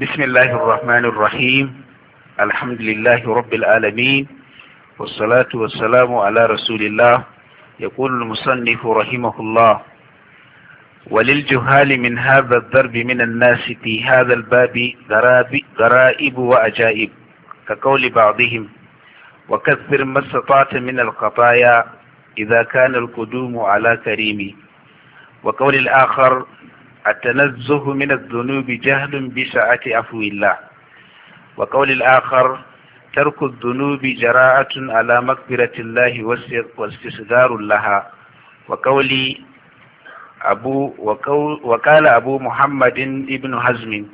بسم الله الرحمن الرحيم الحمد لله رب العالمين والصلاة والسلام على رسول الله يقول المصنف رحمه الله وللجهال من هذا الضرب من الناس في هذا الباب غرائب وأجائب كقول بعضهم وكثر ما استطعت من الخطايا إذا كان القدوم على كريم وقول الآخر التنزه من الذنوب جهل بسعة عفو الله وقول الآخر ترك الذنوب جراءة على مغفرة الله واستصدار لها وقولي أبو وقول وقال أبو محمد ابن حزم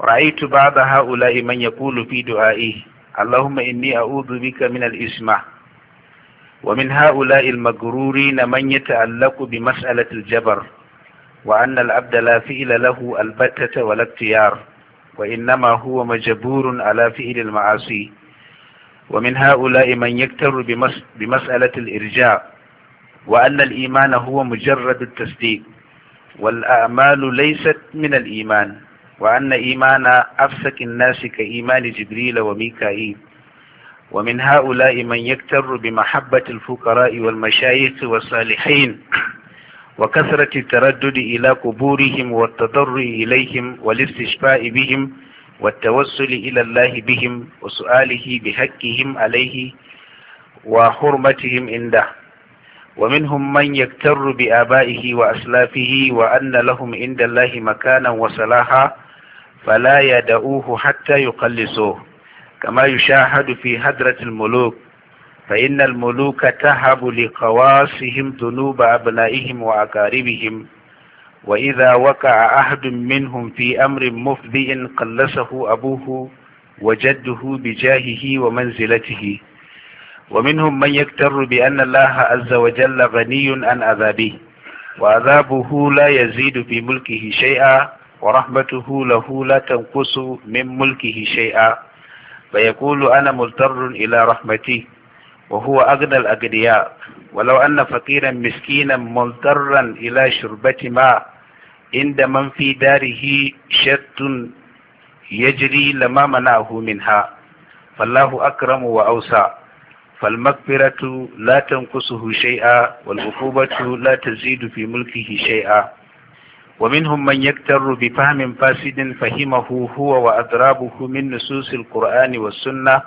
رأيت بعض هؤلاء من يقول في دعائه اللهم إني أعوذ بك من الإسمة ومن هؤلاء المغرورين من يتعلق بمسألة الجبر وأن العبد لا فعل له البتة ولا اختيار وإنما هو مجبور على فعل المعاصي ومن هؤلاء من يكتر بمسألة الإرجاء وأن الإيمان هو مجرد التصديق والأعمال ليست من الإيمان وأن إيمان أفسك الناس كإيمان جبريل وميكائيل ومن هؤلاء من يكتر بمحبة الفقراء والمشايخ والصالحين وكثرة التردد إلى قبورهم والتضرع إليهم والاستشفاء بهم والتوسل إلى الله بهم وسؤاله بحقهم عليه وحرمتهم عنده ومنهم من يكتر بآبائه وأسلافه وأن لهم عند الله مكانا وصلاحا فلا يدعوه حتى يقلصوه كما يشاهد في هدرة الملوك فإن الملوك تهب لقواسهم ذنوب أبنائهم وأقاربهم وإذا وقع أحد منهم في أمر مفضئ قلصه أبوه وجده بجاهه ومنزلته ومنهم من يكتر بأن الله عز وجل غني عن عذابه وعذابه لا يزيد في ملكه شيئا ورحمته له لا تنقص من ملكه شيئا فيقول أنا مضطر إلى رحمتي وهو أغنى الأغنياء ولو أن فقيرا مسكينا مضطرا إلى شربة ماء عند من في داره شت يجري لما منعه منها فالله أكرم وأوسع فالمغفرة لا تنقصه شيئا والعقوبة لا تزيد في ملكه شيئا ومنهم من يكتر بفهم فاسد فهمه هو وأضرابه من نصوص القرآن والسنة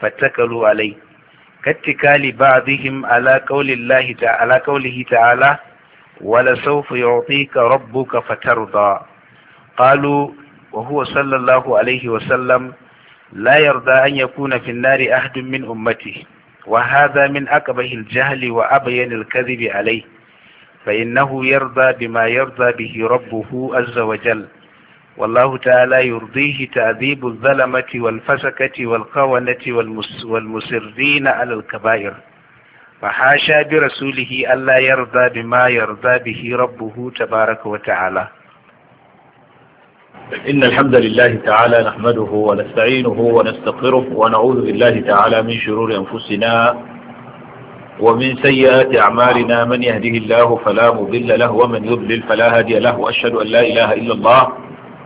فاتكلوا عليه كاتكال بعضهم على قول الله تعالى على قوله تعالى ولسوف يعطيك ربك فترضى قالوا وهو صلى الله عليه وسلم لا يرضى أن يكون في النار أحد من أمته وهذا من أكبه الجهل وأبين الكذب عليه فإنه يرضى بما يرضى به ربه عز وجل والله تعالى يرضيه تعذيب الظلمة والفسكة والقونة والمسرين على الكبائر فحاشا برسوله ألا يرضى بما يرضى به ربه تبارك وتعالى إن الحمد لله تعالى نحمده ونستعينه ونستغفره ونعوذ بالله تعالى من شرور أنفسنا ومن سيئات أعمالنا من يهده الله فلا مضل له ومن يضلل فلا هادي له وأشهد أن لا إله إلا الله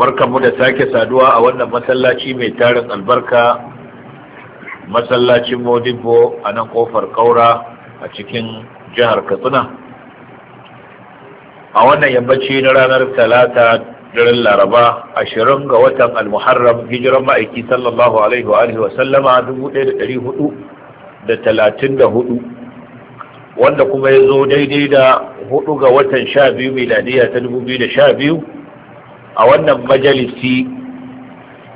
barkanmu da sake saduwa a wannan masallaci mai tarin albarka masallacin modibo a nan kofar kaura a cikin jihar katsina a wannan yammaci na ranar talata daren laraba ashirin ga watan almuharram hijiran ma'aiki sallallahu alaihi wa alihi wasallama dubu ɗaya da ɗari hudu da talatin da hudu wanda kuma ya zo daidai da hudu ga watan sha biyu miladiya ta dubu biyu da sha biyu a wannan majalisi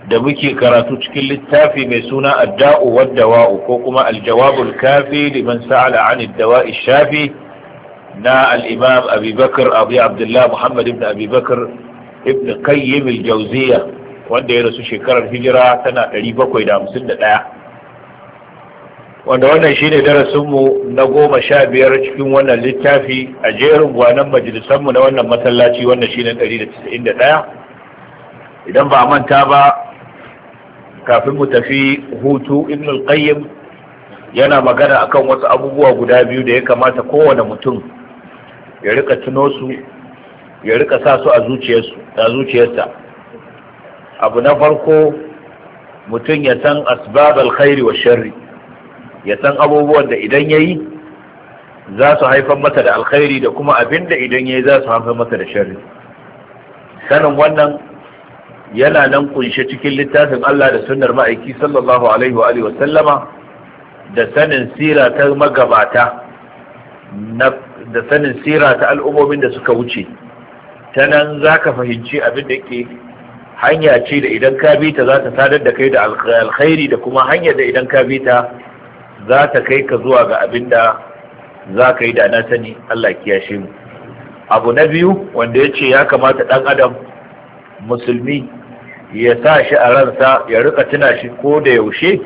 da muke karatu cikin littafi mai suna adda'u waddawa'u ko kuma aljawabul kafi liman sa'ala an dawa'i shafi na alimam imam Abi Abdullahi Abi Muhammad ibn Abi ibn Kayyim al wanda ya rasu shekarar hijira tana 751 wanda wannan shine darasinmu na goma sha biyar cikin wannan littafi a jerin gwanan majalisanmu na wannan masallaci wannan shine ɗaya? idan ba a manta ba kafin mu tafi hutu ibn al-qayyim yana magana akan wasu abubuwa guda biyu da ya kamata kowane mutum ya rika tuno su ya rika sa su a zuciyarsa abu na farko mutum ya san asbab Khairi wa sharri ya san abubuwan da idan yayi za su haifar mata da alkhairi da kuma abin da idan yayi za su haifar masa da shari sanin wannan yana nan kunshe cikin littafin Allah da sunnar ma'aiki sallallahu alaihi wa alihi wa sallama da sanin sira ta magabata da sanin sira ta al'ummomin da suka wuce ta nan za ka fahimci abin da ke hanya ce da idan ka bi ta za ta sadar da kai da alkhairi da kuma hanyar da idan ka bi ta za ta kai ka zuwa ga abin da za ka yi da na sani Allah kiyashe mu abu na biyu wanda ya ce ya kamata ɗan adam musulmi ya sa shi a ransa ya rika tuna shi ko da yaushe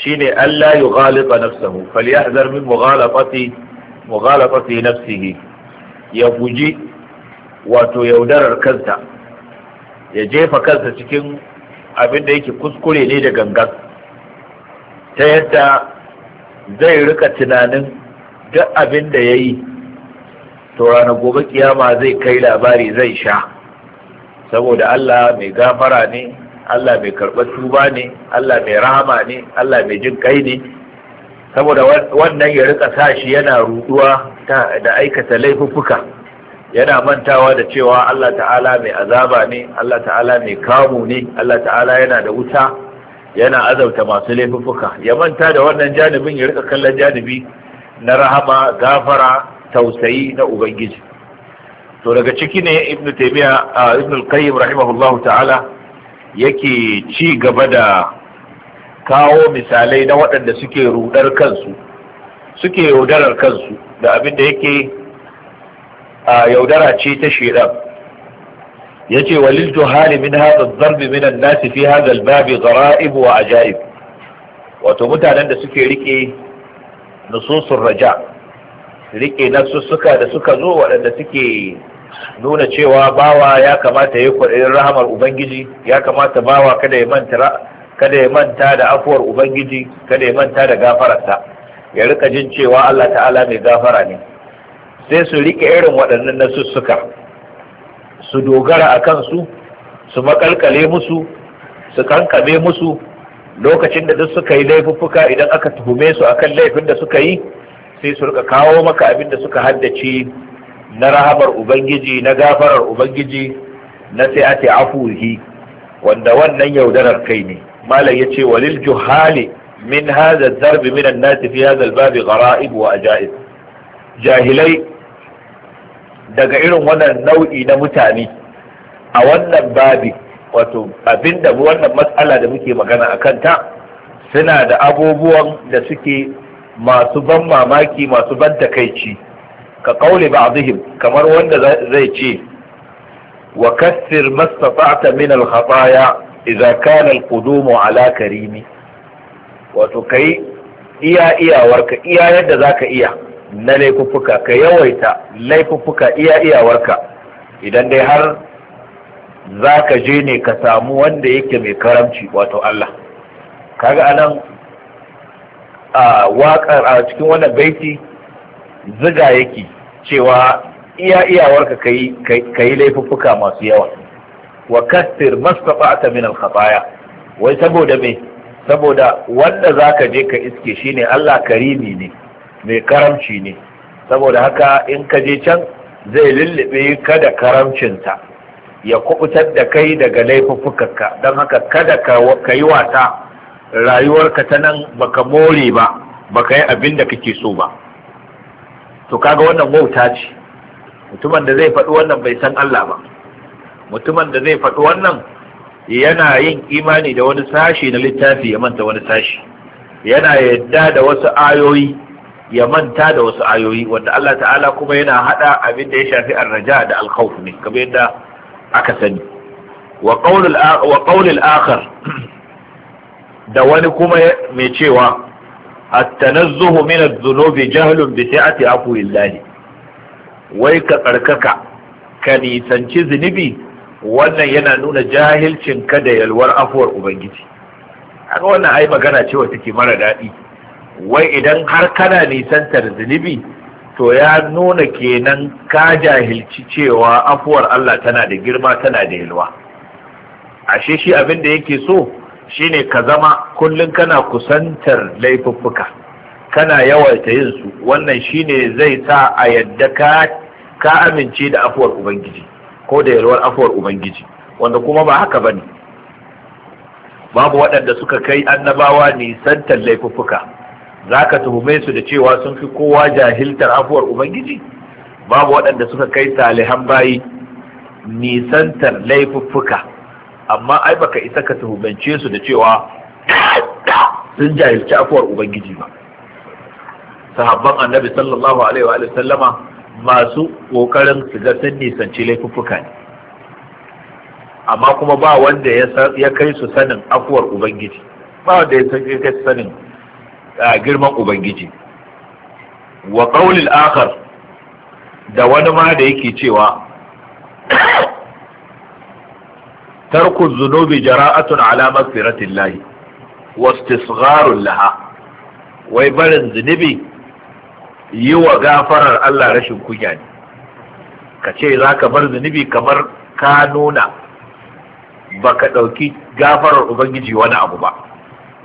shine Allah ya ghalita nafsahu falyahzar min mughalafati mughalafati nafsihi ya guji wato yaudarar kansa ya jefa kansa cikin abin da yake kuskure ne da gangan ta yadda zai rika tunanin duk abin da ya yi to ranar gobe kiyama zai kai labari zai sha saboda Allah mai gafara ne Allah mai karɓar tuba ne Allah mai rahama ne Allah mai jin kai ne saboda wannan ya rika sa shi yana ruduwa da aikata laifuffuka yana mantawa da cewa Allah ta'ala mai azaba ne Allah ta'ala mai kamu ne Allah ta'ala yana da wuta yana azabta masu laifuka, ya manta da wannan janibin ya rika kallon janibi na rahama gafara tausayi na ubangiji to daga ciki ne ibn taymiya ibn al-qayyim rahimahullahu ta'ala yake ci gaba da kawo misalai na waɗanda suke rudar kansu suke yaudarar kansu da abin da yake yaudara ce ta shedan yace walil juhali min hadha ad-darb min an-nas fi hadha al-bab gharaib wa ajaib wato mutanen da suke rike nasusun raja rike nasussuka da suka zo wadanda suke nuna cewa bawa ya kamata ya kudin rahamar ubangiji ya kamata bawa kada ya manta kada ya manta da afuwar ubangiji kada ya manta da gafararsa ya rika jin cewa Allah ta'ala mai gafara ne sai su rike irin waɗannan nasussuka su dogara a kansu su makalkale musu su kankame musu lokacin da duk suka yi laifuffuka idan aka tuhume su akan laifin da suka yi sai su rika kawo maka abin da suka haddace na rahamar ubangiji na gafarar ubangiji na sai ate afuhi wanda wannan yaudarar kai ne malam ya ce walil juhali min hadha zarbi min an fi hadha al-babi wa ajaib jahilai daga irin wannan nau'i na mutane a wannan babi wato da wannan matsala da muke magana a kanta suna da abubuwan da suke masu ban mamaki masu ban takaici ka kaule ba kamar wanda zai ce wa kassir mastata'ta min al-khataya idza kana al ala karimi wato kai iya iyawarka iya yadda zaka iya na laifuffuka ka yawaita laifuffuka iya iyawarka idan dai har za ka je ne ka samu wanda yake mai karamci wato Allah kaga anan a wakar a cikin wannan baiti ziga yake cewa iya iyawarka ka yi laifuffuka masu yawa wa kasir mastafa'ata min al-khataya wai saboda me saboda wanda zaka je ka iske shine Allah karimi ne mai karamci ne saboda haka in ka je can zai lullube ka da karamcinta ya kubutar da kai daga laifuffukanka don haka kada ka yi wasa rayuwarka ta nan baka more ba baka yi abin da kake so ba to kaga wannan wauta ce mutumin da zai faɗi wannan bai san Allah ba mutumin da zai faɗi wannan yana yin imani da wani sashi na littafi ya manta wani sashi yana yadda da wasu ayoyi ya manta da wasu ayoyi wanda Allah ta'ala kuma yana hada abin da ya shafi arraja da alkhawf ne kamar yadda aka sani wa qaulul akhar da wani kuma mai cewa at-tanazzuhu min adh-dhunubi jahlun bi sa'ati afwillahi wai ka tsarkaka ka nisanci zunubi wannan yana nuna jahilcin ka da yalwar afuwar ubangiji haka wannan ai magana cewa take mara daɗi wai idan har kana nisantar zunubi to ya nuna kenan ka jahilci cewa afuwar Allah tana da girma tana da yalwa ashe shi abin da yake so shine ka zama kullum kana kusantar laifuffuka kana yawaita yin su wannan shine zai sa a yadda ka ka amince da afuwar ubangiji ko da yalwar afuwar ubangiji wanda kuma ba haka bane babu waɗanda suka kai annabawa nisantar laifuffuka za ka tuhume su da cewa sun fi kowa jahiltar afuwar ubangiji babu waɗanda suka kai salihan bayi nisantar laifuffuka amma ai baka isa ka tuhumance su da cewa sun jahilci afuwar ubangiji ba sahabban annabi sallallahu alaihi wa sallama masu kokarin su ga sun nisanci laifuffuka ne amma kuma ba wanda ya kai su sanin afuwar ubangiji ba wanda ya kai su sanin girman ubangiji wa qaulil akar da wani ma da yake cewa tarku zunubi jara'atun ala maghfiratillahi wa istisgharun laha wai barin zunubi yi wa gafarar Allah rashin kunya ne ka ce za ka bar zunubi kamar ka nuna ba ka ɗauki gafarar ubangiji wani abu ba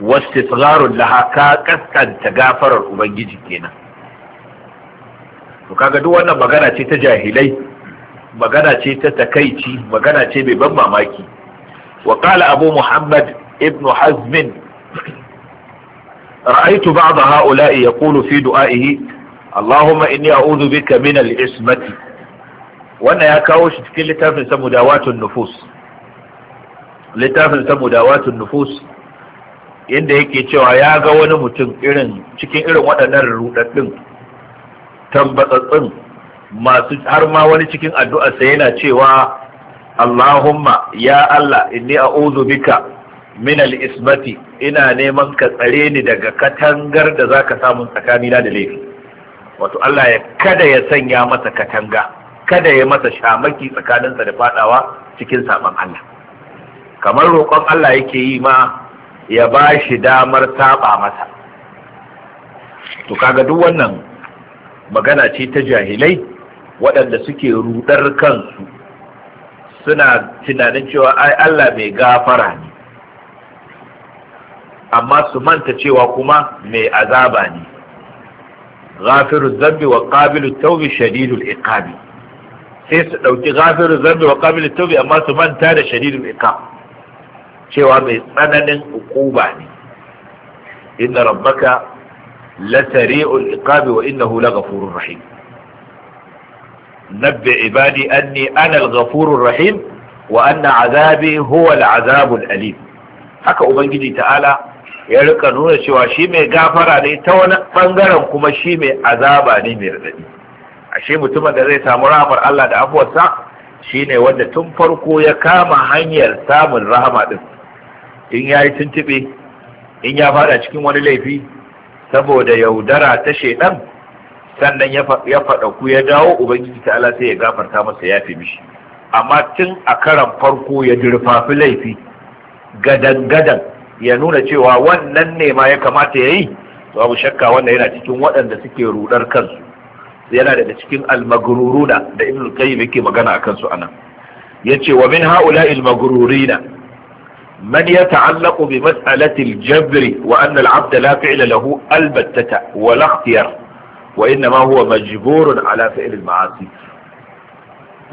wastisgharun laha ka kaskanta gafarar ubangiji kenan to kaga duk wannan magana ce ta jahilai magana ce ta takaici magana ce mai ban mamaki wa abu muhammad ibn hazm ra'aytu ba'd ha'ula'i yaqulu fi du'a'ihi allahumma inni a'udhu bika min al-ismati wannan ya kawo shi cikin littafin samudawatun nufus littafin samudawatun nufus yadda yake cewa ya ga wani mutum irin cikin irin waɗannan rudaddin tambatsatsin masu har ma wani cikin addu'a sai yana cewa Allahumma ya Allah inni a'udhu bika minal ismati ina neman ka tsare ni daga katangar da zaka samu tsakanina da laifi wato Allah ya kada ya sanya masa katanga kada ya masa shamaki tsakaninsa da fadawa cikin saban Allah kamar roƙon Allah yake yi ma ya ba shi damar saba masa to kaga duk wannan magana ce ta jahilai waɗanda suke rudar kansu suna tunanin cewa ai Allah mai gafara ne amma su manta cewa kuma mai azaba ne ghafiru zambi wa qabilu tawbi shadidul iqabi sai su ɗauki ghafiru zambi wa qabilu tawbi amma su manta da shadidul iqab cewa mai tsananin hukuma ne inna rabbaka la sari'ul iqabi wa innahu la rahim nabbi ibadi anni ana al-ghafurur rahim wa anna azabi huwa al-azabul alim haka ubangiji ta'ala ya rika nuna cewa shi mai gafara ne ta wani bangaren kuma shi mai azaba ne mai radadi ashe mutumin da zai samu rahmar Allah da afuwarsa shine wanda tun farko ya kama hanyar samun rahama din in ya yi tuntuɓe in ya fada cikin wani laifi saboda yaudara ta shaidan sannan ya faɗa ku ya dawo ubangiji ta Allah sai ya gafarta masa ya fi mishi amma tun a karan farko ya durfafi laifi gadan-gadan ya nuna cewa wannan ne ma ya kamata ya yi babu shakka wannan yana cikin waɗanda suke rudar kansu yana daga cikin almagururuna da ibn kayyim yake magana akan su anan yace wa min haula almagrurina من يتعلق بمسألة الجبر وأن العبد لا فعل له البتة ولا اختيار وإنما هو مجبور على فعل المعاصي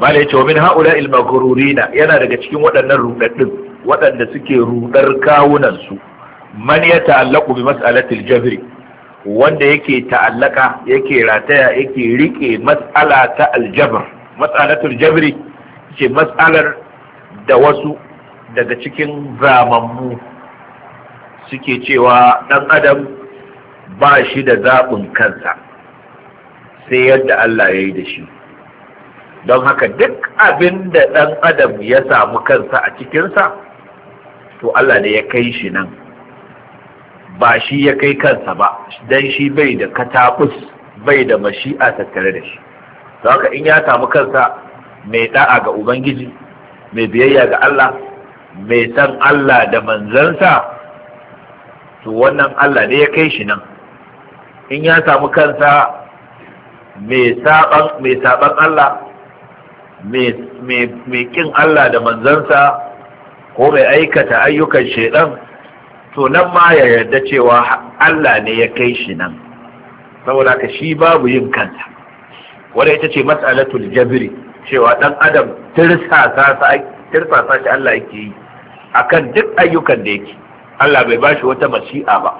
ما ليش ومن هؤلاء المغرورين ينا daga cikin waɗannan rudaddin waɗanda suke rudar kawunan su man ya bi mas'alatil jabr wanda yake ta'allaka yake rataya yake rike mas'ala ta aljabar mas'alatul jabr ce mas'alar da wasu daga cikin zamanmu suke cewa ɗan adam ba shi da zaɓin kansa sai yadda Allah ya yi da shi don haka duk abin da ɗan adam ya samu kansa a cikinsa to Allah ne ya kai shi nan ba shi ya kai kansa ba don shi bai da katakus bai da mashi'a tattare da shi don haka in ya samu kansa mai da'a ga Ubangiji mai biyayya ga Allah mai san Allah da manzansa to wannan Allah ne ya kai shi nan in ya samu kansa mai saban Allah mai kin Allah da manzansa ko mai aikata ayyukan shaidan to nan ma ya yarda cewa Allah ne ya kai shi nan saboda ka shi babu yin kansa wadda ita ce matsalatul jabiri cewa dan adam tirsasa shi Allah yake yi akan duk ayyukan da yake Allah bai ba shi wata mashi'a ba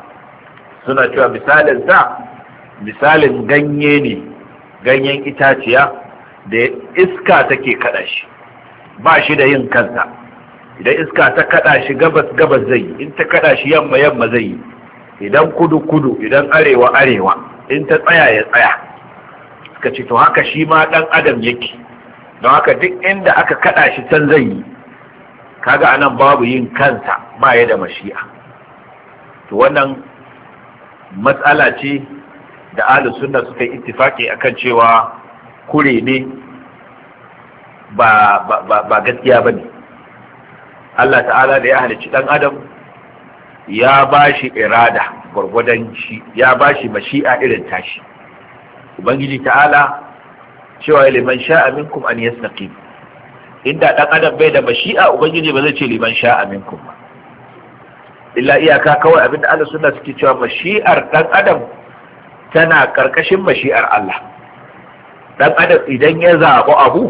suna cewa misalin sa misalin ganye ne ganyen itaciya da iska take kada shi ba shi da yin kansa idan iska ta kada shi gabas gabas zai yi in ta kada shi yamma yamma zai yi idan kudu kudu idan arewa arewa in ta tsaya ya tsaya suka ce to haka shi ma dan adam yake don haka duk inda aka kada shi can zai yi kaga anan babu yin kansa ba ya da mashi'a to wannan matsala ce da ahlus sunna suka yi ittifaki akan cewa kure ne ba ba ba gaskiya bane Allah ta'ala da ya halicci dan adam ya bashi irada gurgudan shi ya bashi mashi'a irin tashi ubangiji ta'ala cewa liman sha'a minkum an yastaqim inda dan adam bai da mashi'a ubangiji ba zai ce liman sha'a minkum ba illa iyaka kawai abin da Allah sunna suke cewa mashi'ar dan adam tana karkashin mashi'ar Allah dan adam idan ya zabo abu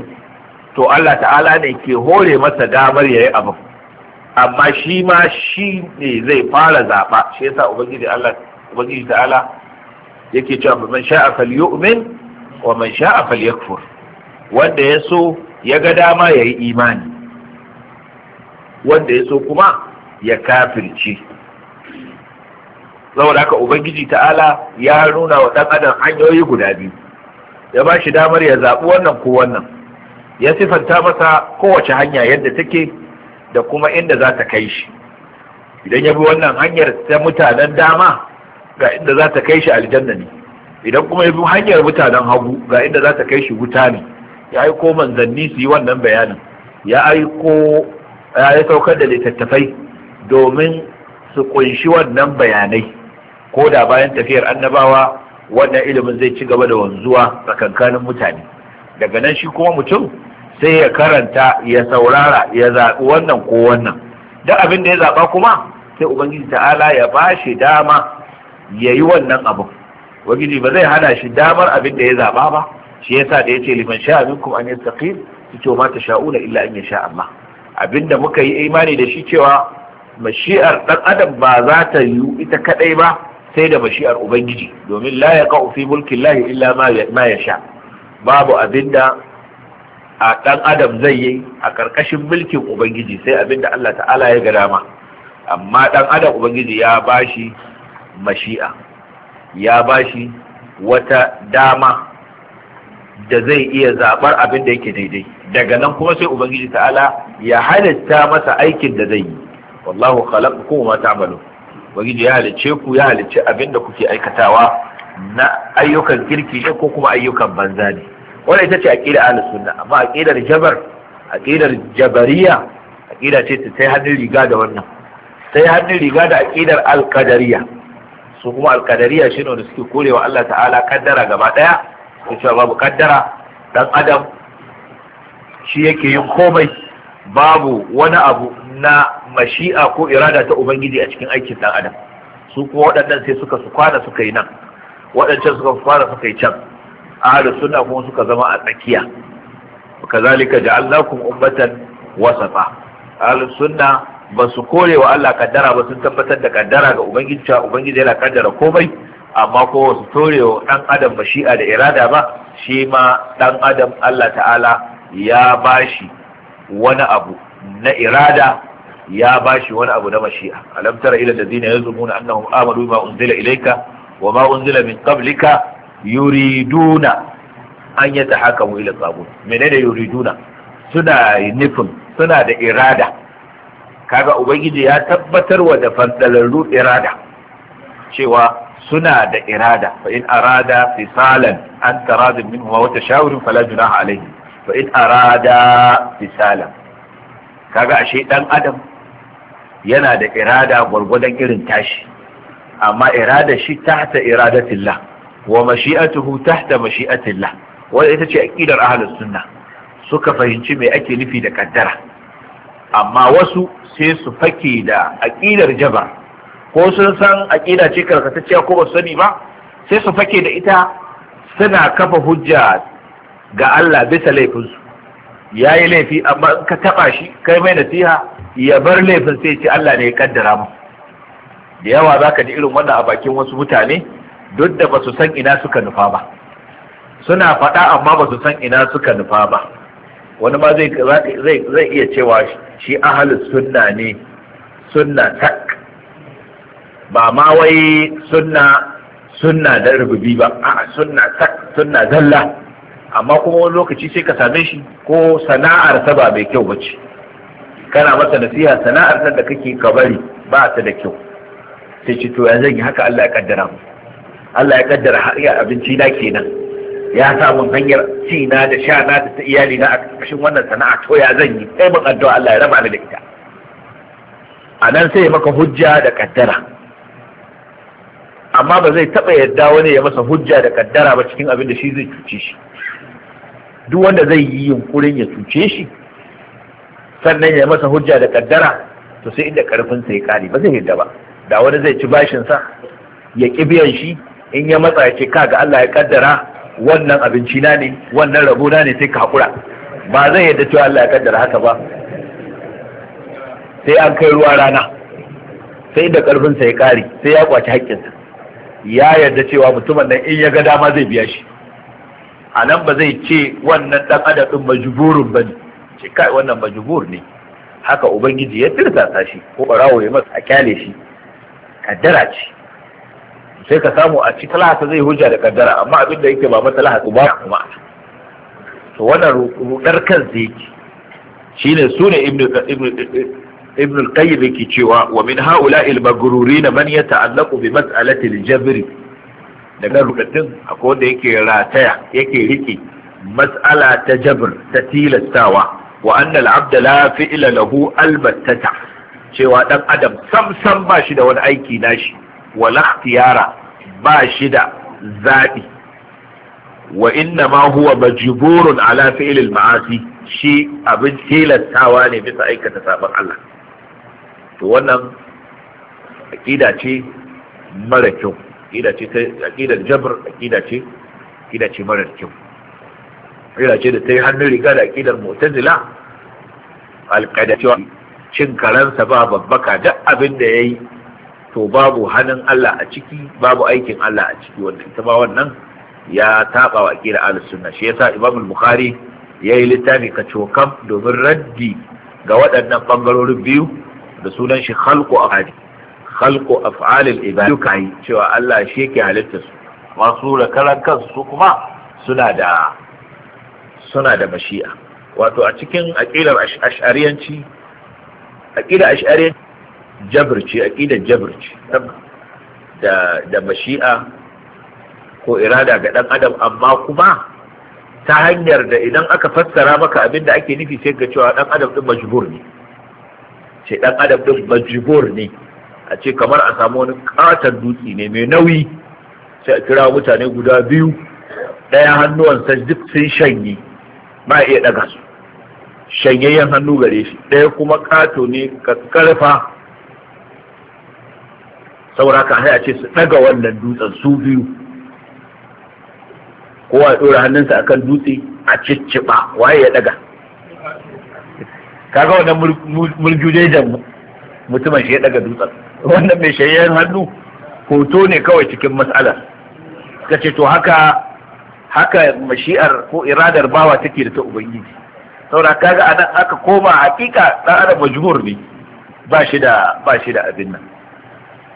to Allah ta'ala ne ke hore masa damar yayi abu amma shi ma shi ne zai fara zaɓa shi yasa ubangiji Allah ubangiji ta'ala yake cewa man sha'a falyu'min wa man sha'a falyakfur wanda ya so ya ga dama ya yi imani wanda ya so kuma ya kafirci saboda haka ubangiji ta'ala ya nuna wa ɗan adam hanyoyi guda biyu ya ba shi damar ya zaɓi wannan ko wannan ya sifanta masa kowace hanya yadda take da kuma inda za ta kai shi idan ya bi wannan hanyar ta mutanen dama ga inda za ta kai shi aljanna ne idan kuma ya bi hanyar mutanen hagu ga inda za ta kai shi wuta ne ya aiko manzanni su yi wannan bayanin ya aiko ya saukar da littattafai domin su kunshi wannan bayanai ko da bayan tafiyar annabawa wannan ilimin zai ci gaba da wanzuwa tsakankanin mutane daga nan shi kuma mutum sai ya karanta ya saurara ya zaɓi wannan ko wannan duk abin da ya zaɓa kuma sai ubangiji ta'ala ya ba shi dama ya yi wannan abin ubangiji ba zai hana shi damar abin da ya zaɓa ba shi yasa da yace liman sha'a minkum an yastaqim to ma tasha'una illa an yasha Allah abinda muka yi imani da shi cewa mashi'ar ɗan adam ba za ta yi ita kadai ba sai da mashi'ar ubangiji domin la yaqa'u fi mulki Allah illa ma yasha babu abinda a dan adam zai yi a ƙarƙashin mulkin ubangiji sai abinda Allah ta'ala ya ga dama amma ɗan adam ubangiji ya bashi mashi'a ya bashi wata dama da zai iya zaɓar abin da yake daidai daga nan kuma sai ubangiji ta'ala ya halitta masa aikin da zai yi wallahu khalaqukum wa ta'malun ubangiji ya halicce ku ya halicce abin da kuke aikatawa na ayyukan kirki ne ko kuma ayyukan banza ne wannan ita ce aqida ahlus sunna amma aqidar jabar aqidar jabariya aqida ce ta sai hannun riga da wannan sai hannun riga da aqidar alqadariya su kuma alqadariya shine wanda suke korewa Allah ta'ala kaddara gaba daya cewa babu kaddara dan adam shi yake yin komai babu wani abu na mashi'a ko irada ta ubangiji a cikin aikin dan adam su kuma waɗannan sai suka su kwana suka yi nan waɗancan suka su suka yi can ahlus sunna kuma suka zama a tsakiya kazalika ja'alnakum ummatan wasafa ahlus sunna ba su kore wa Allah kaddara ba sun tabbatar da kaddara ga ubangiji ubangiji yana kaddara komai amma ko wasu wa ɗan adam mashi'a da irada ba shi ma ɗan adam Allah ta'ala ya bashi wani abu na irada ya bashi wani abu na mashi'a alam tara ila allazina yazumuna annahum amadu ma unzila ilaika, wa ma unzila min qablika yuriduna an yatahakamu ila tagut menene yuriduna suna nufin suna da irada kaga ubangiji ya tabbatar wa da fadalarru irada cewa suna da irada fa in arada fisalan an tarada minhu wa tashawurun fala junaha alayhi fa in arada fisalan kaga ashe dan adam yana da irada gwargwadon irin tashi amma irada shi tahta iradatillah wa mashi'atuhu tahta mashi'atillah wanda ita ce aqidar ahlus sunna suka fahimci me ake nufi da kaddara amma wasu sai su fake da aqidar jabar ko sun san aƙida ce karkatacciya ko ba su sani ba sai su fake da ita suna kafa hujja ga Allah bisa laifinsu ya yi laifi amma ka taɓa shi kai mai nasiha ya bar laifin sai ce Allah ne ya kaddara mu da yawa za ka ji irin wannan a bakin wasu mutane duk da ba su san ina suka nufa ba suna faɗa amma ba su san ina suka nufa ba wani ma zai iya cewa shi ahalus sunna ne sunna ba ma wai sunna sunna da rububi ba a sunna tak sunna zalla amma kuma wani lokaci sai ka same shi ko sana'ar ta ba mai kyau bace kana masa nasiha sana'ar nan da kake ka bari ba ta da kyau sai ce to ya zan yi haka Allah ya kaddara mu Allah ya kaddara har ya abinci na kenan ya samu hanyar ci na da sha na da ta iyali na a ƙarƙashin wannan sana'a to ya zan yi sai mun addu'a Allah ya raba ni da ita a nan sai maka hujja da kaddara amma ba zai taɓa yadda wani ya masa hujja da kaddara ba cikin abin da shi zai cuce shi duk wanda zai yi yunkurin ya cuce shi sannan ya masa hujja da kaddara to sai inda karfin sai kare ba zai yadda ba da wani zai ci bashin sa ya ki biyan shi in ya matsa ya ce kaga Allah ya kaddara wannan abinci na ne wannan rabo na ne sai ka hakura ba zai yadda cewa Allah ya kaddara haka ba sai an kai ruwa rana sai da karfin sa ya kare sai ya kwaci haƙƙinsa ya yarda cewa mutumin nan in ya ga dama zai biya shi a nan ba zai ce wannan dan adadin din ba bane ce kai wannan majbur ne haka ubangiji ya tirsasa shi ko barawo ya masa a kyale shi kaddara ce sai ka samu a cikin lahasa zai hujja da kaddara amma abin da yake ba mata lahasa ba kuma to wannan rudar kansa yake shine sune ibnu ibnu ibn al-qayyim cewa wa min ha'ula'i al-magrurin man yata'allaqu bi daga rudatin akwai wanda yake rataya yake rike mas'ala ta jabr ta tilastawa wa anna al la fi'la lahu albattata cewa dan adam sam sam ba shi da wani aiki nashi wala ikhtiyara ba shi da zabi wa inna ma huwa majburun ala fi'l al-ma'asi shi abin tilastawa ne bisa aikata sabon Allah to wannan aƙida ce mara kyau aƙida ce ta aƙidar jabr aƙida ce ce mara kyau aƙida ce da ta yi hannun riga da aƙidar mu'tazila alƙada cewa cin karansa ba babbaka da abin da ya yi to babu hannun Allah a ciki babu aikin Allah a ciki wanda ita ba wannan ya taɓa wa aƙidar ahlus sunna shi yasa imam bukhari ya yi littafi ka cokam domin raddi ga waɗannan ɓangarorin biyu da sunan shi khalqu afali khalqu al ibad duka yi cewa Allah shi yake halitta su masu da karan kansu su kuma suna da suna da mashi'a wato a cikin aqidar ash'ariyanci aqidar ash'ariyan jabr ce aqidar jabr ce da da mashi'a ko irada ga dan adam amma kuma ta hanyar da idan aka fassara maka abin da ake nufi sai ga cewa dan adam din majbur ne ce ɗan adam din majibur ne a ce kamar a samu wani katon dutse ne mai nauyi sai a kira mutane guda biyu ɗaya hannuwansa duk sun shanye ba iya ɗaga su shanyayyen hannu gare shi ɗaya kuma kato ne karfa saura ka sai a ce su ɗaga wannan dutsen su biyu kowa ya ɗora hannunsa akan dutse a cicciɓa waye ya ɗaga kaga wannan da mutumin shi ya daga dutsen wannan mai shayyan hannu hoto ne kawai cikin matsala ka ce to haka haka mashi'ar ko iradar bawa take da ta ubangiji saboda kaga nan aka koma hakika dan adam majbur ne ba shi da ba shi da abin nan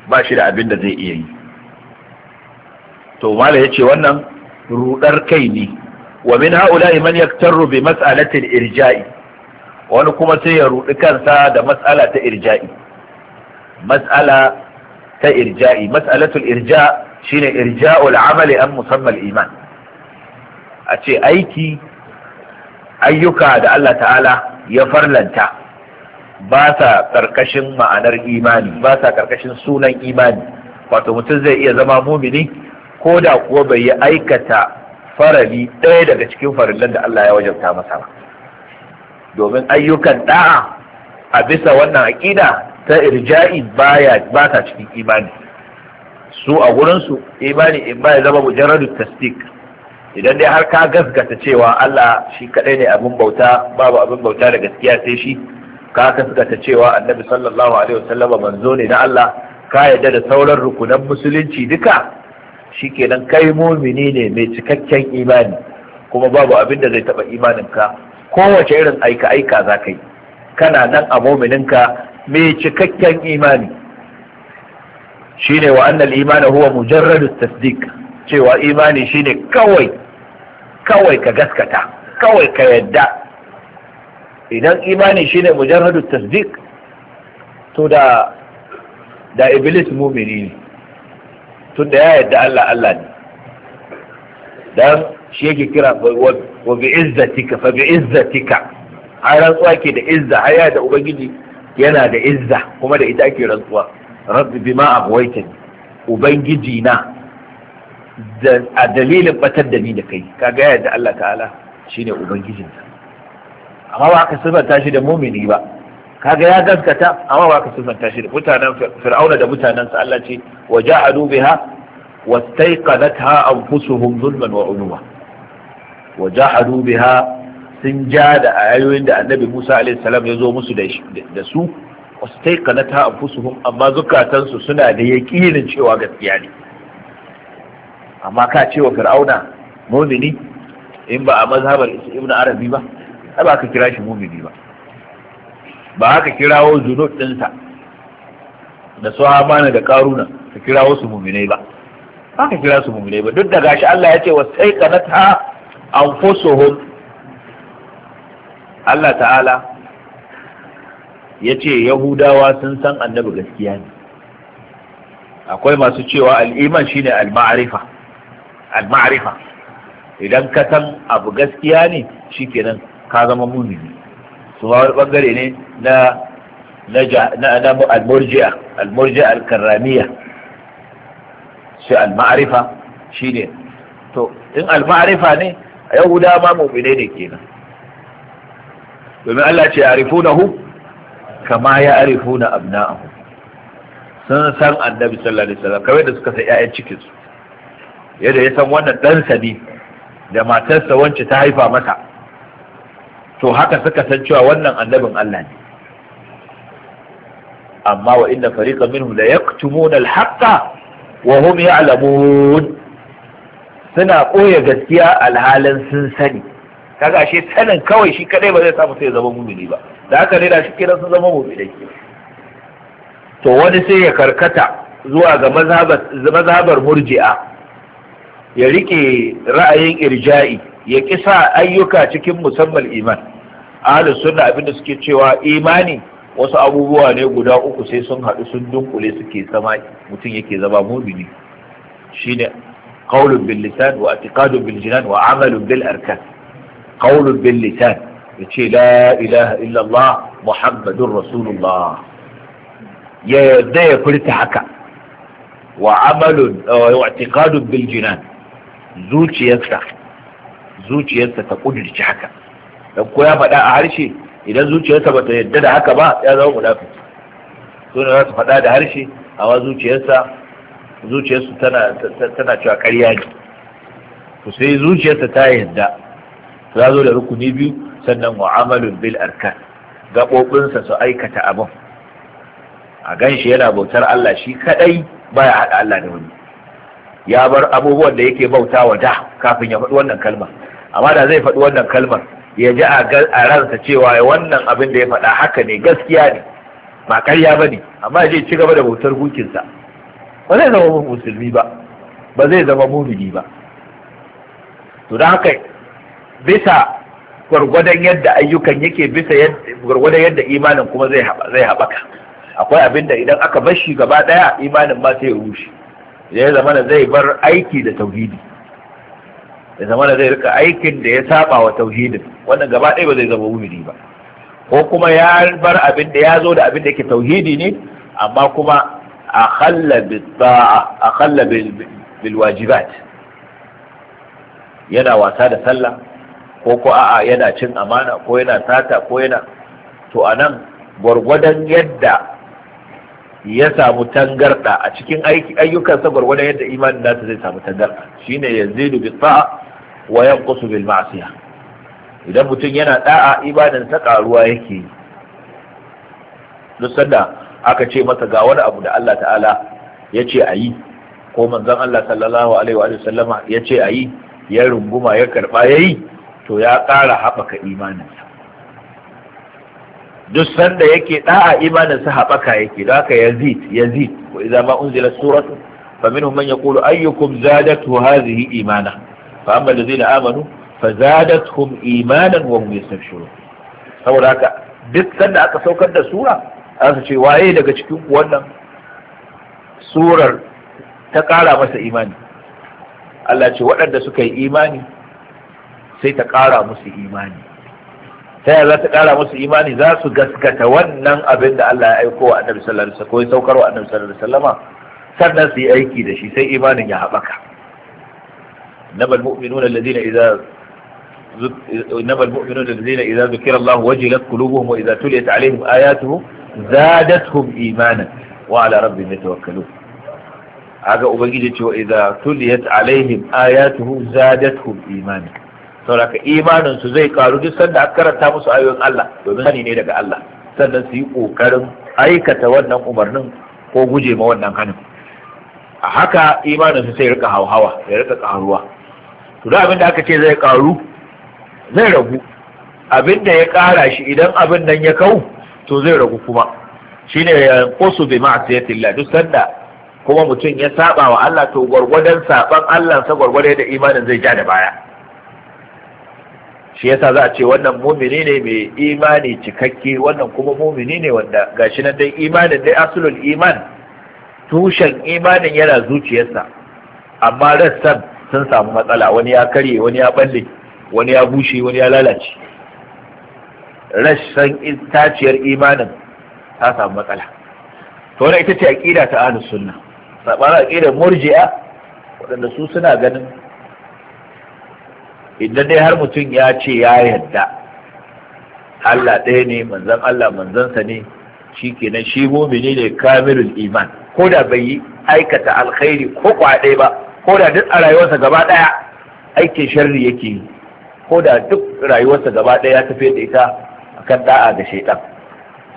ba shi da abin da zai iya yi to mala yace wannan rudar kai ne wa min ha'ula man yaktaru bi mas'alati irja'i wani kuma sai ya rudi kansa da mas'ala ta irja'i mas'ala ta irja'i mas'alatul irja shine irja'ul amali an musammal iman a ce aiki ayyuka da Allah ta'ala ya farlanta ba sa karkashin ma'anar imani ba sa karkashin sunan imani wato mutum zai iya zama mumini ko da kuwa bai yi aikata farali ɗaya daga cikin farillan da Allah ya wajabta masa ba domin ayyukan da'a a bisa wannan aƙida ta irja'i baya ba ta cikin imani su a gurinsu imani in baya zama mujarradu tasdik idan dai har ka gaskata cewa Allah shi kadai ne abin bauta babu abin bauta da gaskiya sai shi ka gaskata cewa annabi sallallahu alaihi wasallam manzo ne na Allah ka yadda da sauran rukunan musulunci duka shi shikenan kai mumini ne mai cikakken imani kuma babu abin da zai taba imanin ka kowace irin aika aika za ka yi kana nan a mumininka mai cikakken imani shine wa annal imani huwa mujarradu tasdiq cewa imani shine kawai kawai ka gaskata kawai ka yadda idan imani shine mujarradu tasdiq to da da iblis mumini ne tunda ya yadda Allah Allah ne dan shi yake kira wa bi izzatika fa bi izzatika ai rantsuwa ke da izza haya da ubangiji yana da izza kuma da ita ake rantsuwa rabbi bima aghwaytani ubangiji na a dalilin batar da ni da kai kaga yadda Allah ta'ala shine ubangijinsa amma ba ka sifanta shi da mumini ba kaga ya gaskata amma ba ka sifanta shi da mutanen fir'auna da mutanensa Allah ce wa ja'alu biha واستيقنتها أنفسهم ظلما وعنوا وجحدوا بها sun ja da ayoyin da annabi Musa alaihissalam ya zo musu da su wasu na ta amfu su hun amma zukatansu suna da yaƙinin cewa gaskiya ne amma ka cewa fir'auna mumini in ba a mazhabar isa ibn arabi ba ai ba ka kira shi mumini ba ba haka kirawo zunub ɗinsa da su amana da karuna ka kira wasu muminai ba ba kira su mummune ba duk da gashi Allah ya ce wa sai kanata anfusuhum Allah ta'ala ya ce yahudawa sun san annabi gaskiya ne akwai masu cewa al'iman shine al-ma'rifa al-ma'rifa idan ka san abu gaskiya ne shikenan ka zama mumini su wani bangare ne na na na al-murji'a al-murji'a al-karramiyya sai al-ma'rifa shine to in al-ma'rifa ne yahuda ma mu'mine ne kenan domin Allah ce ya'rifunahu kama ya ya'rifuna abna'ahum sun san annabi sallallahu alaihi wasallam kawai da suka san ƴaƴan cikin su yadda ya san wannan ɗansa ne da matarsa wance ta haifa masa to haka suka san cewa wannan annabin Allah ne amma wa inna fariqa minhum la yaktumuna al-haqqa wa hum ya'lamun suna koya gaskiya alhalin sun sani kaga shi sanin kawai shi kadai ba zai samu sai ya zama mumini ba da haka ne da shi kenan sun zama mumini to wani sai ya karkata zuwa ga mazhabar murji'a ya rike ra'ayin irja'i ya kisa ayyuka cikin musamman iman ahlus sunna abinda suke cewa imani wasu abubuwa ne guda uku sai sun haɗu sun dunkule suke sama mutum yake zama mumini shine qaulun bil lisan wa i'tiqadun bil jinan wa amalun bil arkan qaulun bil lisan yace la ilaha illa Allah muhammadur rasulullah ya yadda ya furta haka wa amalun wa i'tiqadun bil jinan zuciyarsa zuciyarsa ta kudirce haka dan ko ya faɗa a harshe idan zuciyarsa bata yadda da haka ba ya zama munafiki su ne za su faɗa da harshe amma zuciyarsa zuciyarsu tana cewa ƙarya ne to sai zuciyarsa ta yadda ta zo da rukuni biyu sannan mu'amalun bil arkan gaɓoɓinsa su aikata abin a gan shi yana bautar Allah shi kaɗai baya haɗa Allah da wani ya bar abubuwan da yake bauta wa da kafin ya faɗi wannan kalmar amma da zai faɗi wannan kalmar ya ji a ransa cewa wannan abin da ya faɗa haka ne gaskiya ne ba karya ba ne amma zai ci gaba da bautar hukinsa ba zai zama musulmi ba ba zai zama mumini ba to da haka bisa gwargwadon yadda ayyukan yake bisa gwargwadon yadda imanin kuma zai haɓaka akwai abin da idan aka bar shi gaba ɗaya imanin ma sai ya rushe ya zama zai bar aiki da tauhidi ya zama da zai rika aikin da ya saba wa tauhidin wannan gaba ɗaya ba zai zama mumini ba ko kuma ya bar abin da ya zo da abin da yake tauhidi ne amma kuma a khalla bil wajibat yana wasa da sallah ko ko a'a yana cin amana ko yana sata ko yana to a nan gwargwadon yadda ya samu tangarda a cikin ayyukansa gwargwadon yadda imanin nasa zai samu tangarda shine yazidu bi ta'a wa yanqusu bil ma'siyah idan mutum yana da'a ibadan ta karuwa yake yi duk sanda aka ce masa ga wani abu da Allah ta'ala ya ce a yi ko manzon Allah sallallahu alaihi wa sallama ya ce a yi ya runguma ya karba ya yi to ya ƙara haɓaka imaninsa duk sanda yake da'a imaninsa haɓaka yake da haka yazid yazid wa idza ma unzila suratu faminhum man yaqulu ayyukum zadatu hadhihi imana fa amma allazina amanu fazadatuhum imanan wa hum yastabshirun saboda haka duk sanda aka saukar da sura za su ce waye daga cikin wannan surar ta kara masa imani Allah ce waɗanda suka yi imani sai ta kara musu imani ta yaya za ta kara musu imani za su gaskata wannan abin da Allah ya aiko wa annabi sallallahu alaihi wasallam ko ya saukar wa annabi sallallahu alaihi wasallama sannan su yi aiki da shi sai imanin ya haɓaka nabal mu'minuna alladhina idza إنما المؤمنون الذين إذا ذكر الله وجلت قلوبهم وإذا تليت عليهم آياته زادتهم إيمانا وعلى ربهم يتوكلون haka ubangiji cewa idza tuliyat alaihim ayatuhu zadatuhum imana saboda imanin su zai karu duk sanda aka karanta musu ayoyin Allah domin hani ne daga Allah sannan su yi kokarin aikata wannan umarnin ko guje ma wannan hanin a haka imanin su sai rika hauhawa da rika karuwa to da abin da aka ce zai karu zai ragu abin da ya kara shi idan abin nan ya kau to zai ragu kuma Shi ne ko su bi ma'siyatillah duk sanda kuma mutum ya saba wa Allah to gwargwadon saban Allah sa gwargwadon da imanin zai ja da baya shi yasa za a ce wannan mumini ne mai imani cikakke wannan kuma mumini ne wanda gashi nan dai imanin dai asulul iman tushen imanin yana zuciyarsa amma rassan sun samu matsala wani ya karye wani ya balle wani ya bushe wani ya lalace rashin taciyar imanin ta samu matsala to wani ita ce aqida ta ahlus sunna sabana aqidar murji'a waɗanda su suna ganin idan dai har mutum ya ce ya yarda Allah ɗaya ne manzon Allah manzansa ne shi kenan shi mumini ne kamilul iman ko da bai yi aikata alkhairi ko kwaɗe ba ko da duk a rayuwarsa gaba ɗaya aikin sharri yake yi ko da duk rayuwarsa gaba ɗaya ya tafi da ita akan da'a ga shaidan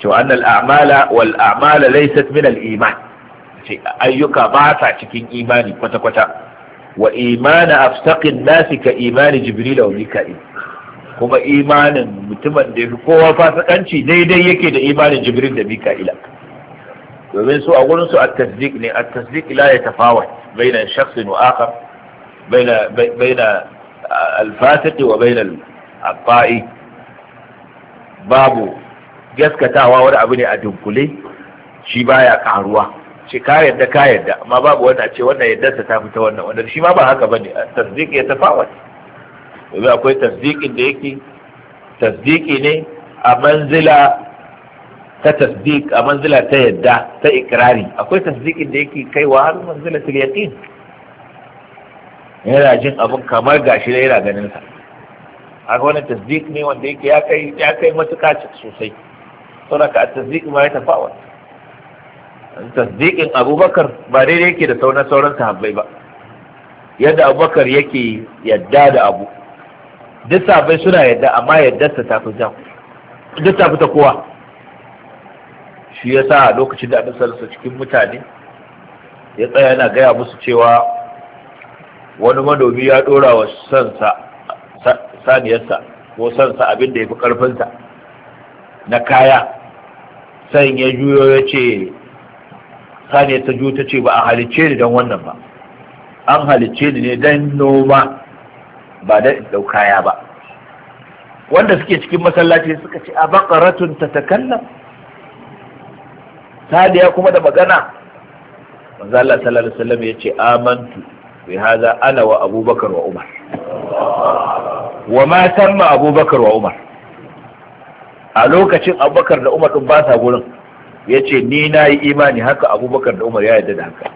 cewa annal a'mala wal a'mala laysat min al iman ce ayyuka ba sa cikin imani kwata kwata wa imana afsaqin nasi ka imani jibril wa mika'il kuma imanin mutumin da yafi kowa fasikanci daidai yake da imanin jibril da mika'ila domin su a gurin su at-tasdiq ne at-tasdiq la yatafawat baina shakhsin wa akhar baina baina al-fasiq wa baina al-ta'i babu gaskatawa wani abu ne a dunkule shi baya karuwa ce ka yadda ka yadda amma babu wanda ce wannan yaddarsa ta fita wannan wanda shi ma ba haka bane tasdiq ya tafawat domin akwai tasdiqin da yake tasdiqi ne a manzila ta tasdik a manzila ta yadda ta ikrari akwai tasdikin da yake kaiwa har manzila ta yaqin yana jin abin kamar gashi da yana ganin sa haka wani tasdik ne wanda yake ya kai ya kai matuƙa sosai saboda ka tasdiq ma ya tafawa tasdiqin abubakar ba daidai yake da sauran sauran sahabbai ba yadda abubakar yake yadda da abu duk sahabbai suna yadda amma yaddarsa ta fi jan duk ta fi ta kowa shi ya sa lokacin da abin salisa cikin mutane ya tsaya yana gaya musu cewa wani manomi ya ɗora wa sansa saniyarsa ko sansa abin da ya fi ƙarfinsa na kaya sai ya juyo ya ce saniyar ta juyo ta ce ba a halicce ni don wannan ba an halicce ni ne don noma ba don in ɗau kaya ba wanda suke cikin masallaci suka ce a bakaratun ta takallam sadiya kuma da magana manzo Allah sallallahu alaihi wasallam yace amantu bi hadha ana wa abubakar wa umar wa ma tamma abubakar wa umar a lokacin abubakar da umar din ba sa gurin yace ni nayi imani haka abubakar da umar ya yarda da haka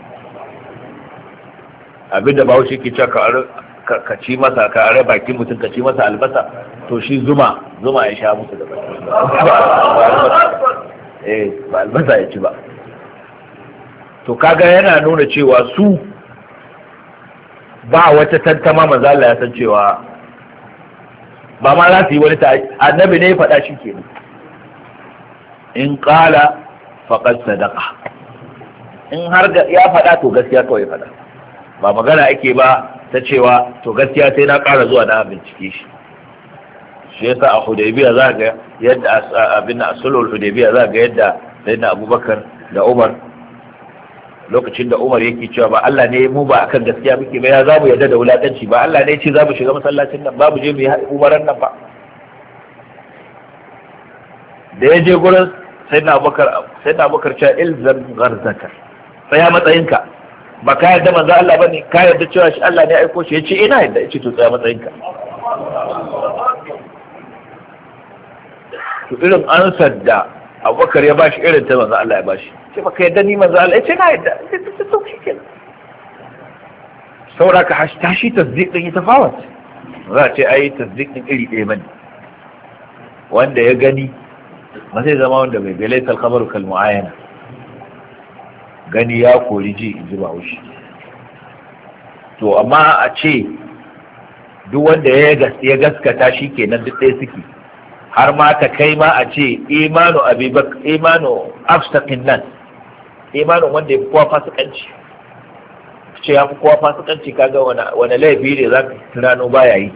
abinda bawo shi ke cewa ka ci masa ka are bakin mutum ka ci masa albasa to shi zuma zuma ya sha musu da baki eh ba albasa ya ci ba to kaga yana nuna cewa su ba wata tantama manzo Allah ya san cewa ba ma za su yi wani annabi ne ya faɗa shi ke in ƙala faƙar sadaka in har ya faɗa to gaskiya kawai faɗa ba magana ake ba ta cewa to gaskiya sai na ƙara zuwa na bincike shi shi ya sa a hudaybiya za ga yadda abin a sulhul hudaybiya za ga yadda na abubakar da umar lokacin da umar yake cewa ba Allah ne mu ba akan gaskiya muke ba ya za mu yadda da wulakanci ba Allah ne ce za mu shiga masallacin nan ba mu je mu yi umaran nan ba da ya je gurin sai abubakar sayyidina abubakar cewa ilzam garzakar tsaya matsayinka ba ka yarda manzo Allah bane ka yarda cewa shi Allah ne aiko shi yace ina yarda yace to tsaya matsayinka to irin ansar da abubakar ya bashi irin ta manzo Allah ya bashi sai baka yadda ni manzo Allah ya ce na yadda sai to shi kenan saboda ka hashi tashi tasdiq din fawat za a ce ai tasdiq din iri ɗaya bane wanda ya gani ba zai zama wanda bai bai laisa alkhabaru kal mu'ayana gani ya kori ji in ji bahaushe to amma a ce duk wanda ya gaskata shi kenan duk ɗaya suke har ma ta kai ma a ce imanu abibak imanu afsakin nan imanu wanda ya fi kowa fasikanci ce ya fi kowa fasikanci kaga wani laifi ne za ka tunano ba yi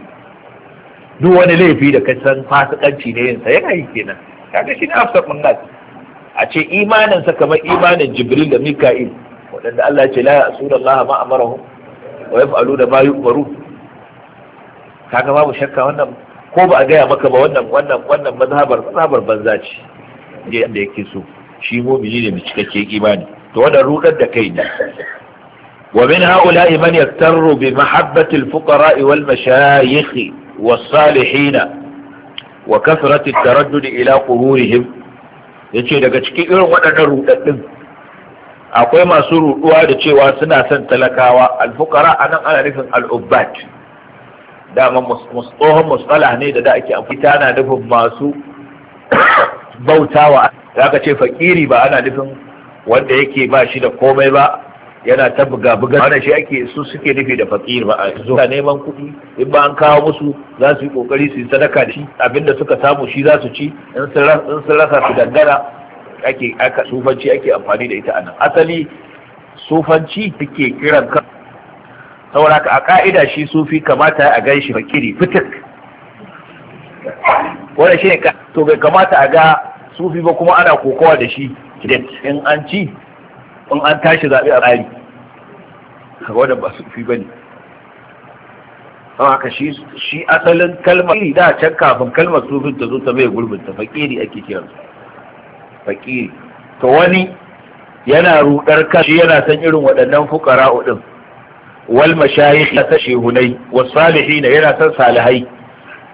duk wani laifi da ka san fasikanci ne yinsa yana yi kenan kaga shi ne afsakin nan a ce imaninsa kamar imanin jibril da mika'il waɗanda Allah ce la ya'suna Allah ma hu wa da ma yu'maru kaga babu shakka wannan ko ba a gaya maka ba wannan wannan wannan mazhabar mazhabar banza ce da yake so shi mu'mini ne mai cikakke imani to wannan rudar da kai ne wa min ha'ula'i man yaktaru bi mahabbati al-fuqara'i wal mashayikh was-salihin wa kasrati at-taraddud ila quburihim yace daga cikin irin waɗannan rudaddin akwai masu ruduwa da cewa suna son talakawa al-fuqara anan ana nufin al-ubbat dama tsohon musala ne da da ake amfani na nufin masu bautawa ka ce fakiri ba ana nufin wanda yake ba shi da komai ba yana ta buga buga wannan shi ake su suke nufi da fakir ba a zo neman kuɗi in ba an kawo musu za su yi kokari su yi sadaka da shi abinda suka samu shi za su ci in sun rasa su dangara ake aka sufanci ake amfani da ita anan asali sufanci take kiran kan saboda a ka'ida shi sufi kamata a gan shi fakiri fitik wanda shi ne to bai kamata a ga sufi ba kuma ana kokowa da shi in an ci in an tashi zaɓe a tsari a wadda ba sufi ba ne haka shi shi asalin kalmar fakiri da can kafin kalmar sufin ta zo ta mai gurbinta fakiri ake kiran fakiri to wani yana rudar kashi yana san irin waɗannan fukara uɗin. wal mashayikh ta shehunai was salihin yana san salihai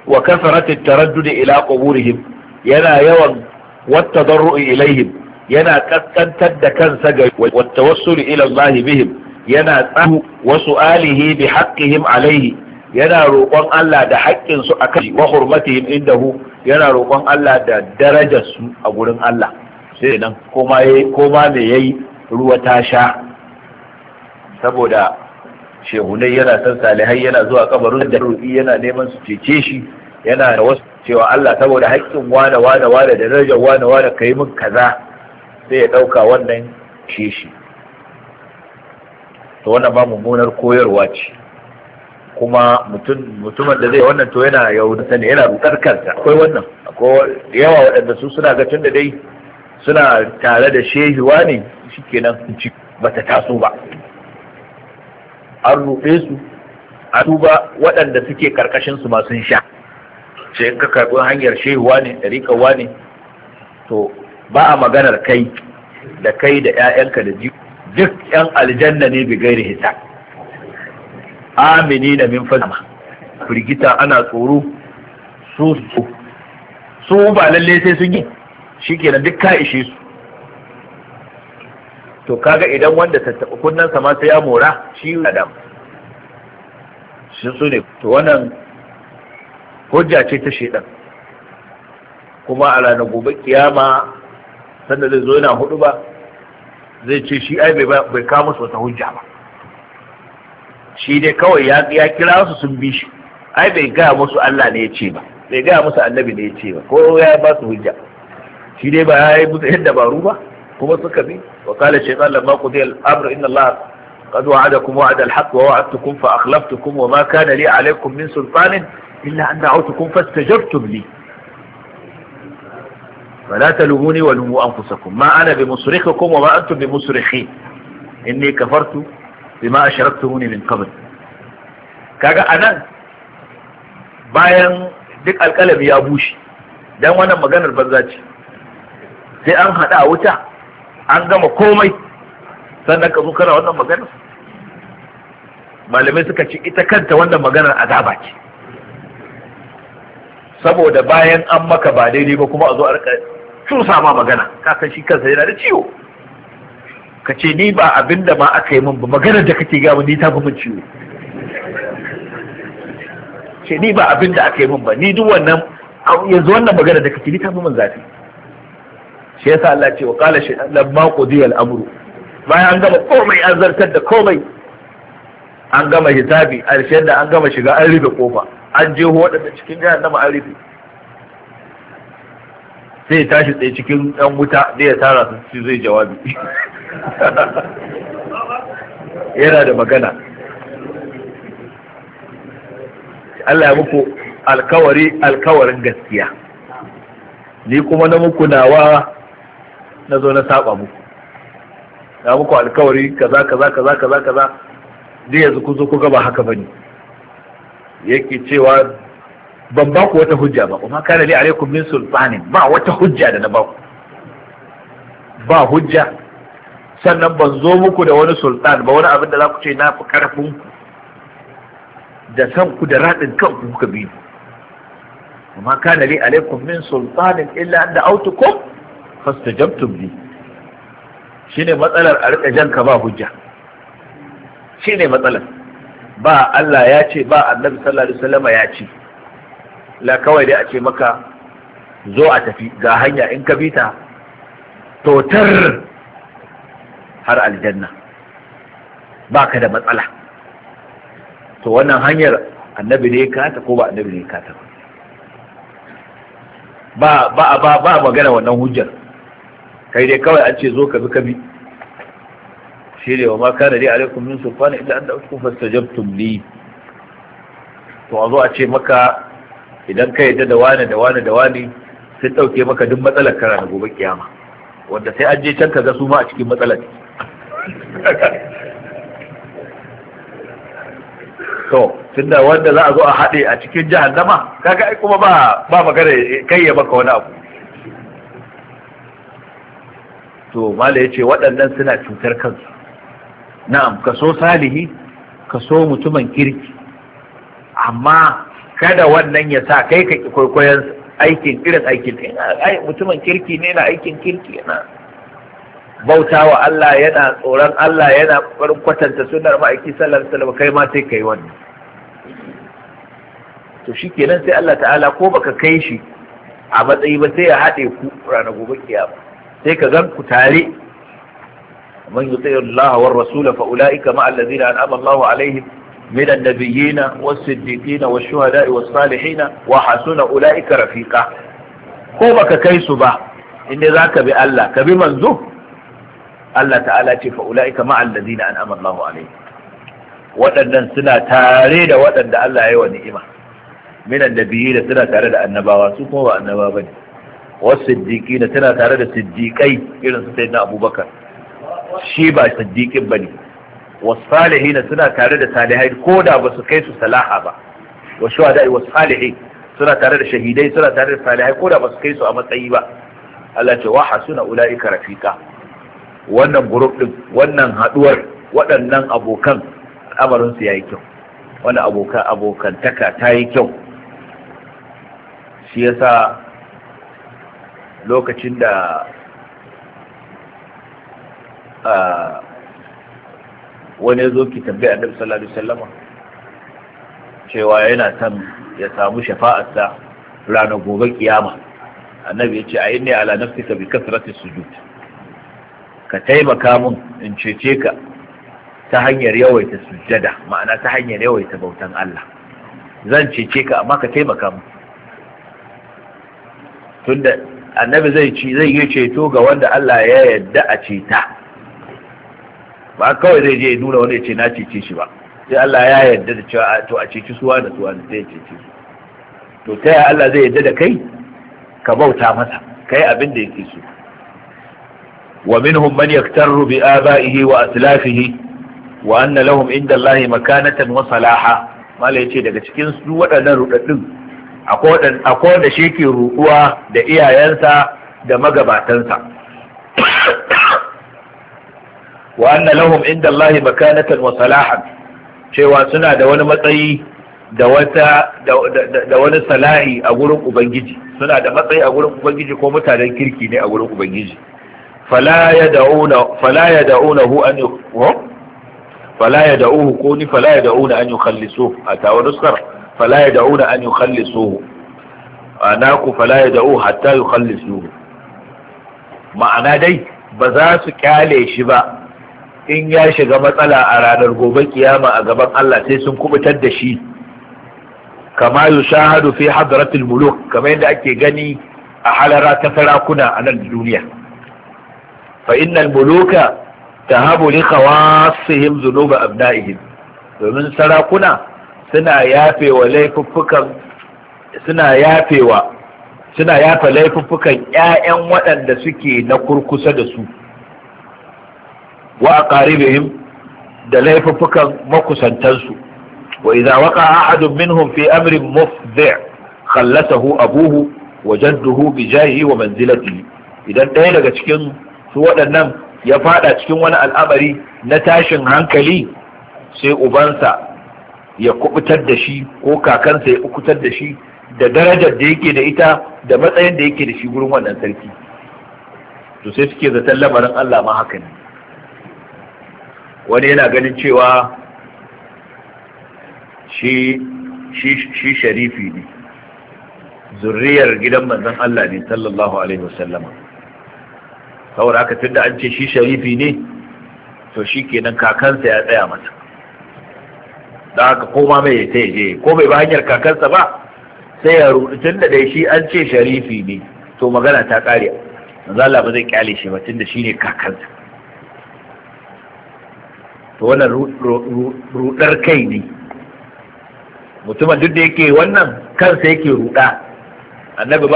wa kasrat at-taraddud ila quburihim yana yawan wat-tadarru ilaihim yana kaskantar da kansa ga wat-tawassul ila Allah yana tsahu wa su'alihi bi haqqihim alaihi yana roƙon Allah da haƙƙinsu a kan wa hurmatihim indahu yana roƙon Allah da darajarsu a gurin Allah sai nan koma me yayi ruwa ta sha saboda shehunai yana san salihai yana zuwa kabarin da roƙi yana neman su cece shi yana da wasu cewa Allah saboda haƙƙin wane wane wane da darajar wane wane kai min kaza sai ya ɗauka wannan shi shi to wannan ba mummunar koyarwa ce kuma mutumin da zai wannan to yana yaudu sani, yana rukar kansa akwai wannan akwai yawa waɗanda su suna ga tun da dai suna tare da shehiwa ne shikenan ba ta taso ba an rufe su a duba waɗanda suke karkashin su masu sun sha sai in ka karɓi hanyar shehuwa ne ɗariƙawa ne to ba a maganar kai da kai da 'ya'yanka da ji duk 'yan aljanna ne gairi hita amini na min fasama firgita ana tsoro su su ba lallai sai sun yi shi kenan duk ka ishe su to kaga idan wanda ta kunnen sa ma sai ya mora shi adam shi su ne to wannan hujja ce ta shaidan kuma a ranar gobe kiyama sanda zai zo yana hudu ba zai ce shi ai bai kawo su wata hujja ba shi dai kawai ya kira su sun bi shi ai bai gaya musu Allah ne ya ce ba bai gaya musu annabi ne ya ce ba ko ya ba su hujja shi dai ba ya yi musu yadda dabaru ba kuma suka bi wa qala shaytan lamma qudiya al-amr inna Allah qad wa'adakum wa'ada al-haqq wa wa'adtukum fa akhlaftukum wa ma kana li 'alaykum min sultanin illa an da'awtukum fastajabtum li فلا تلوموني ولوموا أنفسكم ما أنا بمصرخكم وما أنتم بمصرخي إني كفرت بما أشركتموني من قبل كاقا أنا bayan duk alkalami ya bushe don wannan maganar banza ce sai an haɗa a wuta an gama komai sannan ka zo kana wannan magana malamai suka ce ita kanta wannan maganar azaba ce saboda bayan an maka ba daidai ba kuma a zo a rika cusa ma magana kakan shi kansa yana da ciwo ka ce ni ba abin da ma aka yi min ba maganar da kake gama ni ta fi min ciwo ce ni ba abin da aka yi min ba ni duk wannan yanzu wannan maganar da kake ni ta fi min zafi shi yasa Allah ce wa shi shaytan lamma qudiya al-amru bayan an gama komai an zartar da komai an gama hisabi alshen da an gama shiga an rufe kofa an je ho wadanda cikin jahannama an rufe sai tashi tsaye cikin ɗan wuta da ya tara su zai jawabi yana da magana Allah ya muku alkawari alkawarin gaskiya ni kuma na muku nawa na zo na saba muku na muku alkawari kaza kaza kaza kaza kaza dai yanzu ku zo ku gaba ba haka bane yake cewa ban ba ku wata hujja ba kuma kana li alaikum min sulfanin ba wata hujja da na ba ku ba hujja sannan ban zo muku da wani sultan ba wani abin da za ku ce na fi karfin ku da san ku da radin kanku kuka bi amma kana li alaikum min sultanin illa an da'autukum Fasta fastajabtum li ne matsalar a rika janka ba hujja Shi ne matsalar ba Allah ya ce ba Annabi sallallahu alaihi wasallam ya ce la kawai dai a ce maka zo a tafi ga hanya in ka bi ta totar har aljanna Ba ka da matsala to wannan hanyar annabi ne ka ta ko ba annabi ne ka ta ba ba ba ba magana wannan hujjar kai dai kawai an ce zo ka bi ka bi shi ne wa ma kana dai alaikum min sulfan idan an da'ukum fastajabtum li to a zo a ce maka idan ka yadda da wani da wani da wani sun ɗauke maka duk matsalar kara na gobe kiyama wanda sai an je can ka ga su ma a cikin matsalar to tunda wanda za a zo a haɗe a cikin jahannama kaga ai kuma ba ba magana kai ya baka wani abu to mala ya ce waɗannan suna cutar kansu na'am kaso salihi kaso mutumin kirki amma kada wannan ya sa kai ka kwaikwayon aikin irin aikin mutumin kirki ne na aikin kirki na bauta wa Allah yana tsoron Allah yana barin kwatanta sunar ma'aiki sallar salama kai ma sai kai wannan to shi kenan sai Allah ta'ala ko baka kai shi a matsayi ba sai ya haɗe ku ranar gobe kiyama sai ka gan ku tare man yuti Allah war rasul fa ulaika ma alladhina an'ama Allahu alaihim min an-nabiyyin was-siddiqin wash-shuhada'i was-salihin wa hasuna ulaika rafiqa ko baka kai su ba inda zaka bi Allah ka bi manzo Allah ta'ala ce fa ulaika ma alladhina an'ama Allahu alaihim waɗannan suna tare da waɗanda Allah ya yi wa ni'ima minan da biyu suna tare da annabawa su kuma ba annaba ba ne wasu na tana tare da siddiƙai irin su na abubakar shi ba siddiƙin ba ne wasu salihina suna tare da salihai ko da ba su kai su salaha ba wa shuhada'i wasu salihai suna tare da shahidai suna tare da salihai ko da ba su kai su a matsayi ba Allah ce wa hasuna ula'ika rafiqa wannan group din wannan haduwar waɗannan abokan al'amarin su yayi kyau wannan abokan abokantaka ta yi kyau shi yasa lokacin da wani ya zo ki tambaya annabi sallallahu alaihi wasallama cewa yana son ya samu shafa'arsa ranar gobe kiyama annabi ya ce a yi ne ala nafsika bi kasrati sujud ka taimaka mun in cece ka ta hanyar yawaita sujjada ma'ana ta hanyar yawaita bautan Allah zan cece ka amma ka taimaka mun tunda annabi zai ci zai yi ceto ga wanda Allah ya yadda a ceta ba kawai zai je nuna wani ya ce na cece shi ba sai Allah ya yadda da cewa to a ceci suwa da suwa da zai ya cece su to ta yaya Allah zai yadda da kai ka bauta masa kai abin da yake so wa minhum man yaktaru bi abaihi wa aslafihi wa anna lahum inda Allah makanatan wa salaha mala yace daga cikin su waɗannan rudaddin akwai wanda shi ke ruɗuwa da iyayensa da magabatansa wa anna lahum inda Allah makanatan wa salahan cewa suna da wani matsayi da wata da wani salahi a gurin ubangiji suna da matsayi a gurin ubangiji ko mutanen kirki ne a gurin ubangiji fala ya da'unahu an yi fala ya da'uhu ko ni fala ya da'una an yi kalliso a tawa nuskar fala da'una an yukhallisuhu ana ku fala ya da'u hatta yukhallisuhu ma'ana dai ba za su kyale shi ba in ya shiga matsala a ranar gobe ƙiyama a gaban Allah sai sun kubutar da shi kama yushahadu fi hadratil muluk kamar yadda ake gani a halara ta sarakuna a nan duniya fa innal muluka tahabu li khawassihim dhunuba abna'ihim domin sarakuna suna yafewa laifuffukan suna yafewa suna yafa laifuffukan ƴaƴan waɗanda suke na kurkusa da su wa aqaribihim da laifuffukan makusantansu wa idza waqa'a ahadun minhum fi amrin mufdi' khallasahu abuhu wa jadduhu bi jahi wa manzilatihi idan ɗaya daga cikin su waɗannan ya faɗa cikin wani al'amari na tashin hankali sai ubansa ya kubutar da shi ko kakansa ya kubutar da shi da darajar da yake da ita da matsayin da yake da shi gurin wannan sarki to sai suke zaton lamarin Allah ma haka ne wani yana ganin cewa shi shi sharifi ne zurriyar gidan manzon Allah ne sallallahu alaihi wasallama saboda haka tunda an ce shi sharifi ne to shi kenan kakansa ya tsaya mata da aka koma mai ta je ko bai ba hanyar kakarsa ba sai ya rudu tun da dai shi an ce sharifi ne to magana ta kare manzo Allah ba zai kyale shi ba tunda ne kakarsa to wannan rudar kai ne mutumin duk da yake wannan kansa yake ruda annabi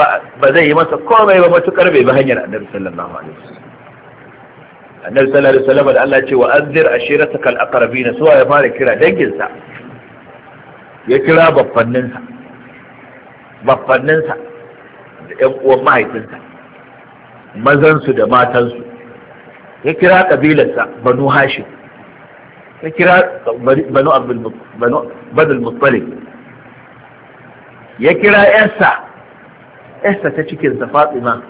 ba zai yi masa komai ba matukar bai bi hanyar annabi sallallahu alaihi wasallam annabi sallallahu alaihi wasallam da Allah ce wa anzir ashirataka al-aqrabin suwa ya fara kira danginsa ya kira baffanninsa baffanninsa da ‘yan uwan mahaifinsa mazansu da matansu ya kira ƙabilarsa banu hashim ya kira banu abdulmuttalib ya kira ‘yarsa ‘yarsa ta cikinsa fatima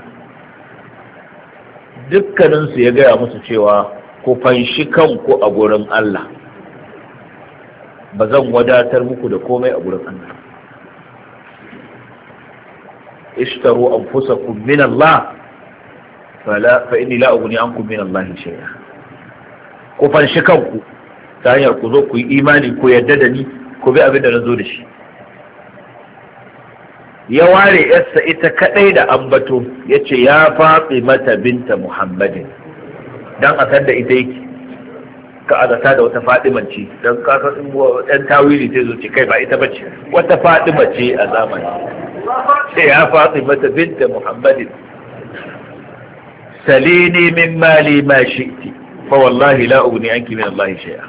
dukkaninsu ya gaya musu cewa ku fanshi kanku a gurin Allah ba zan wadatar muku da komai a gurin Allah ishtaru anfusakum min Allah fala fa inni la ughni ankum min Allah shay'a ku fanshi kanku ta hanyar ku zo ku yi imani ku yadda da ni ku bi abin da na zo da shi ya ware yarsa ita kadai da ambato ya ce ya fatsi mata binta muhammadin Dan a san da ita yake ka azata da wata fadimanci don kasar yan tawili sai zuci kai ba ita bace wata fadimanci a zamani sai ya fatima mata binta muhammadin salini min mali ma shi'ti fa wallahi la ugni anki min allahi shay'a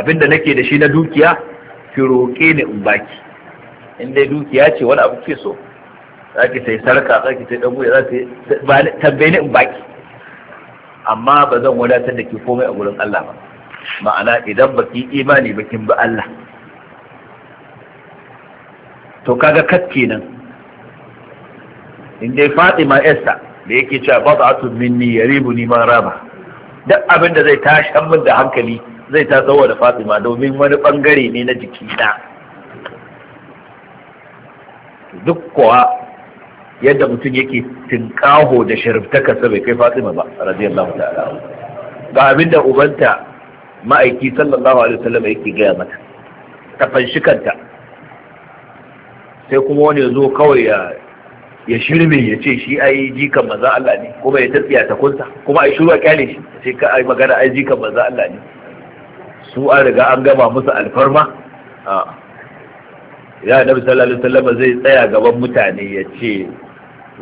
abinda nake da shi na dukiya ki roƙe ni in baki in dai dukiya ce wani abu ke so zaki sai sarka zaki sai dan buya zaki tambaye ni in baki amma ba zan wadatar da ke komai a gurin Allah ba ma'ana idan ba ki imani ba kin bi Allah to kaga kat kenan in dai Fatima Esther da yake cewa bad'atu minni yaribuni ma raba duk abin da zai tashan min da hankali zai ta tsawo da Fatima domin wani bangare ne na jiki na duk kuwa yadda mutum yake tinkaho da shariftakarsa bai kai fatima ba radiyallahu ta'ala ga abin da ubanta ma'aiki sallallahu alaihi wasallam yake gaya mata ta fanshi kanta sai kuma wani ya zo kawai ya ya shirme ya ce shi ai jikan maza Allah ne kuma ya tafiya ta kunta kuma ai shuru kyale shi sai ka ai magana ai jikan maza Allah ne su an riga an gama musu alfarma a ya nabi sallallahu alaihi wasallam zai tsaya gaban mutane ya ce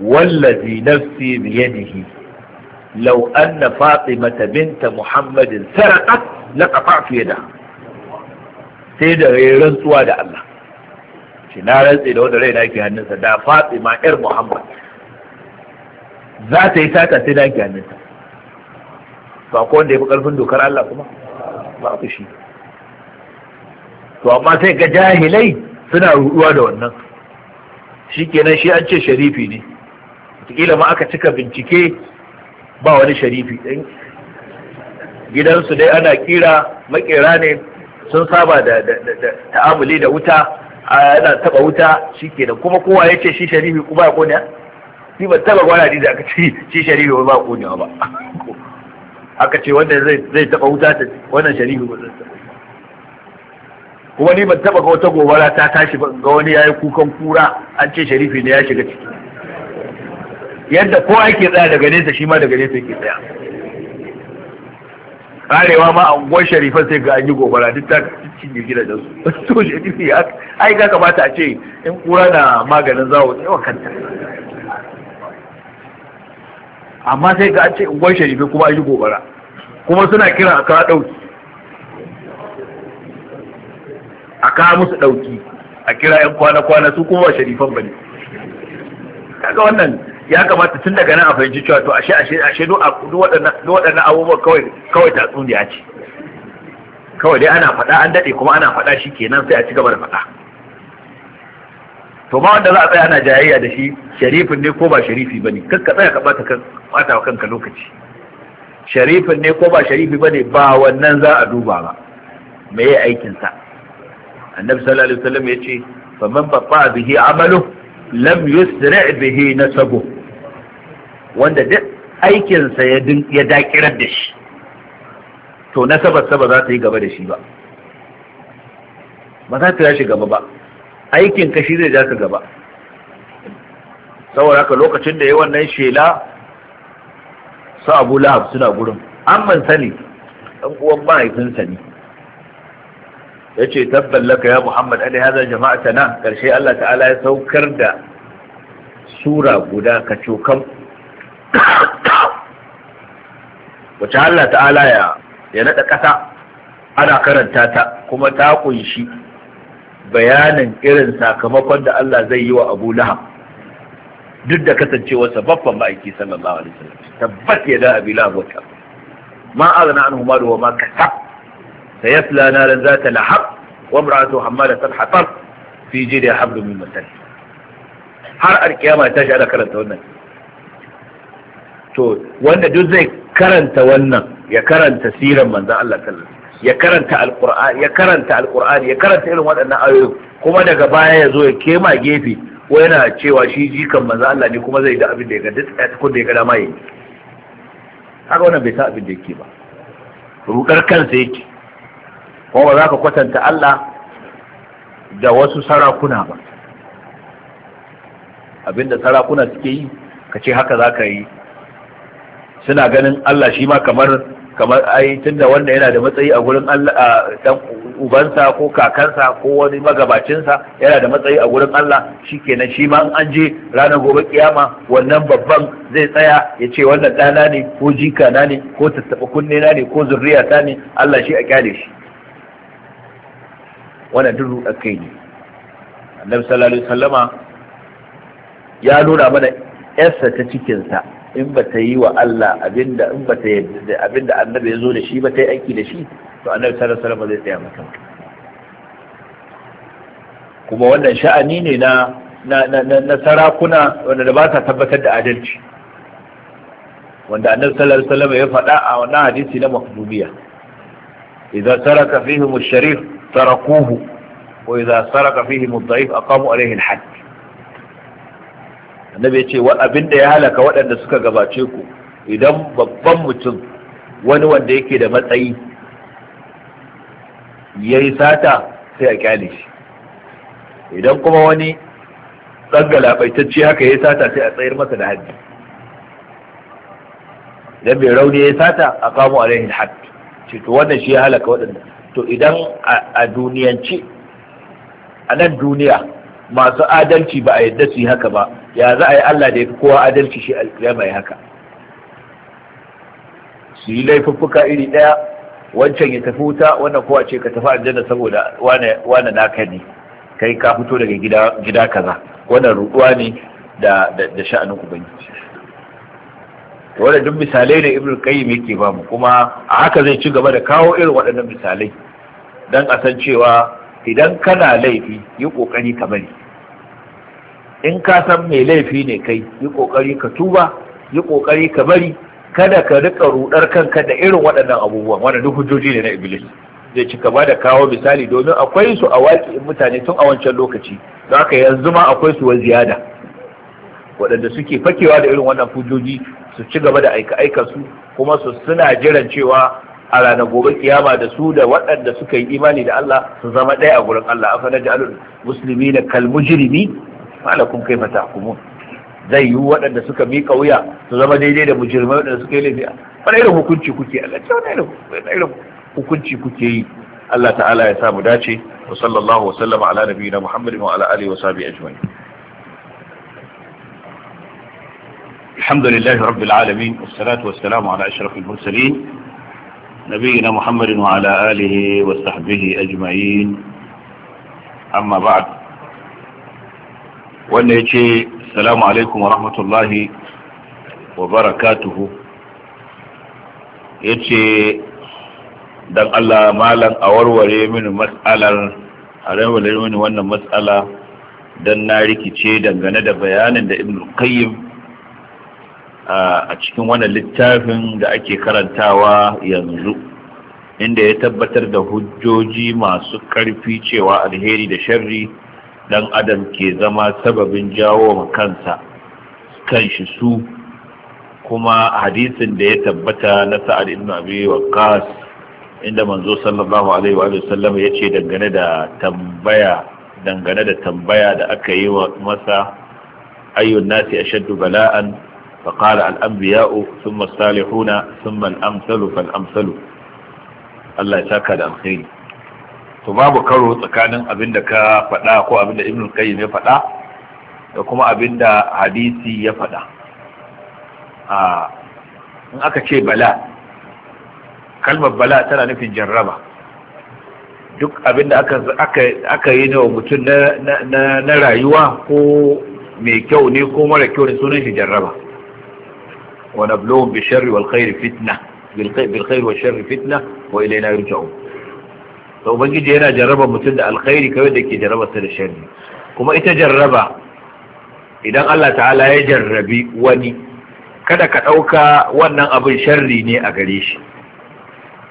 wallazi nafsi biyadihi law anna fatimata binta muhammadin sarqat laqata'tu yadaha sai da rantsuwa da Allah shi na rantse da wanda rai na ke hannunsa da fatima yar muhammad za ta yi sata sai na ke hannunsa ba ko wanda ya fi karfin dokar Allah kuma ba ku shi amma sai jahilai suna ruɗuwa da wannan shi shi an ce sharifi ne watakila ma aka cika bincike ba wani sharifi ɗin gidansu dai ana kira makera ne sun saba da ta'amuli da wuta ana taba wuta shi ke da kuma kowa ya ce shi sharifi kuma ya kone shi ba taba gwara da aka ce shi sharifi ba konewa ba aka ce wanda zai taba wuta ta wannan sharifi ba zai taba kuma ni ban taba ga wata gobara ta tashi ga wani yayi kukan kura an ce sharifi ne ya shiga ciki yadda ko ake tsaya daga nesa shi ma daga nesa yake tsaya karewa ma a unguwar sharifan sai ga an yi gobara duk ta cinye jirgin da su to shi ya ai ga kamata a ce in kura na maganin zawo tsawa kanta amma sai ga an ce unguwar sharifai kuma an yi gobara kuma suna kira a kawo ɗauki a kawo musu ɗauki a kira 'yan kwana-kwana su kuma sharifan ba ne kaga wannan ya kamata tun daga nan a fahimci cewa to ashe ashe ashe duk waɗannan abubuwa kawai kawai a ce kawai dai ana faɗa an daɗe kuma ana faɗa shi kenan sai a ci gaba da faɗa to ma wanda za a tsaya ana jayayya da shi sharifin ne ko ba sharifi ba ne kan ka tsaya ka ɓata kan ɓata wa kanka lokaci sharifin ne ko ba sharifi ba ne ba wannan za a duba ba me ya aikinsa annabi sallallahu alaihi wasallam ya ce faman babba bihi amalu lam yusri' bihi nasabu wanda duk aikinsa ya dakirar da shi to na nasabarsa ba za ta yi gaba da shi ba ba za ta yashi gaba ba aikin ka shi zai ja ka gaba saboda haka lokacin da ya wannan shela su abu lahab suna gurin an man sani ɗan uwan mahaifinsa ne ya ce laka ya muhammad alai haza ta nan ƙarshe allah ta'ala ya saukar da sura guda ka cokan wace Allah ta'ala ya ya naɗa ƙasa ana karanta ta kuma ta kunshi bayanin irin sakamakon da Allah zai yi wa Abu Lahab duk da kasancewa kasancewarsa babban ma'aiki sallallahu alaihi wasallam tabbat ya da Abi Lahab wata ma azna anhu ma wa ma kasa sayasla naran zata lahab wa imra'atu hammalat al-hatab fi jidha hablum min matal har alkiyama ta shi ana karanta wannan to wanda duk zai karanta wannan ya karanta siran manzon Allah sallallahu alaihi ya karanta alqur'ani ya karanta alqur'ani ya karanta irin waɗannan ayoyi kuma daga baya ya zo ya kema gefe ko yana cewa shi jikan manzon Allah ne kuma zai da abin da ya ga duk a da ya ga dama yi haka wannan bai sa abin da yake ba rudar kansa yake kuma ba za ka kwatanta Allah da wasu sarakuna ba abinda sarakuna suke yi ka ce haka za ka yi suna ganin Allah shi ma kamar kamar ai tunda wanda yana da matsayi a gurin Allah dan ubansa ko kakansa ko wani magabacinsa yana da matsayi a gurin Allah shikenan shi ma an je ranar gobe kiyama wannan babban zai tsaya ya ce wannan ɗana ne ko jika na ne ko tattaɓa kunne na ne ko zurriya ta ne Allah shi a kyale shi wannan duk a kai ne annabi sallallahu alaihi wasallama ya nuna mana yarsa ta cikinsa in ba ta yi wa Allah abinda in ba ta abinda annabi ya zo da shi ba ta yi aiki da shi to annabi sallallahu alaihi wasallam zai tsaya mata kuma wannan sha'ani ne na na na sarakuna wanda da ba ta tabbatar da adalci wanda annabi sallallahu alaihi wasallam ya faɗa a wannan hadisi na mahdubiya idza saraka fihim ash-sharif tarakuhu wa idza saraka fihim ad-da'if aqamu alaihi al annabi ya ce wa abin da ya halaka waɗanda suka gabace ku idan babban mutum wani wanda yake da matsayi ya yi sata sai a kyale shi idan kuma wani ɗan galabaitacce haka ya yi sata sai a tsayar masa da hajji idan bai rauni ya yi sata a kamo alaihin haddi ce to wannan shi ya halaka waɗanda to idan a duniyanci, a nan duniya masu adalci ba a yadda su yi haka ba ya za a yi Allah da ya fi kowa adalci shi alƙiyama ya haka su yi laifuffuka iri ɗaya wancan ya tafi wuta wannan kowa ce ka tafi aljanna saboda wane naka ne kai ka fito daga gida kaza wannan ruɗuwa ne da da sha'anin ubangiji wannan duk misalai ne ibnu qayyim yake ba mu kuma a haka zai ci gaba da kawo irin waɗannan misalai dan a san cewa idan kana laifi yi kokari ka bari in ka san mai laifi ne kai yi kokari ka tuba yi kokari ka bari kada ka rika rudar kanka da irin waɗannan abubuwan wanda duk hujjoji ne na iblis zai cika ba da kawo misali domin akwai su a waƙi mutane tun a wancan lokaci don haka yanzu ma akwai su wa ziyada waɗanda suke fakewa da irin wannan hujjoji su ci gaba da aika aika su kuma su suna jiran cewa a ranar gobe kiyama da su da waɗanda suka yi imani da Allah su zama ɗaya a gurin Allah afa naj'alul muslimina kal mujrimi Malakun kai mata tahkumun zai yi waɗanda suka miƙa wuya su zama daidai da mujirmai waɗanda suka yi laifi wani irin hukunci kuke Allah ce wani irin hukunci kuke yi Allah ta'ala ya samu dace wa sallallahu wa sallama ala nabiyina Muhammadin wa ala alihi wa sahbihi ajma'in alhamdulillahi rabbil alamin wassalatu wassalamu ala ashrafil mursalin nabiyina Muhammadin wa ala alihi wa sahbihi ajma'in amma ba'd wanda ya ce salamu alaikum wa rahmatullahi wa barakatuhu ya ce don Allah malam a warware mini matsalar a warware mini wannan matsala don na rikice dangane da bayanin da ibn qayyim a cikin wannan littafin da ake karantawa yanzu inda ya tabbatar da hujjoji masu ƙarfi cewa alheri da sharri dan adam ke zama sababin jawo kansa kanshi su kuma hadisin da ya tabbata na sa'ad ibn abi waqqas inda manzo sallallahu alaihi wa sallam ya ce dangane da tambaya dangane da tambaya da aka yi wa masa ayyun nasi ashaddu bala'an fa qala al-anbiya'u thumma salihuna thumma al-amsalu fal-amsalu Allah ya saka da alkhairi to babu karo tsakanin abin da ka faɗa ko abin da ibn kayyim ya faɗa da kuma abin da hadisi ya faɗa a in aka ce bala kalmar bala tana nufin jarraba duk abin da aka yi wa mutum na rayuwa ko mai kyau ne ko mara kyau ne sunan shi jarraba wa nablawun bi sharri wal khairi fitna bil khairi wa sharri fitna wa ilayna yurja'un to ubangiji yana jarraba mutum da alkhairi kawai da ke jarraba sa da sharri kuma ita jarraba idan Allah ta'ala ya jarrabi wani kada ka ɗauka wannan abin sharri ne a gare shi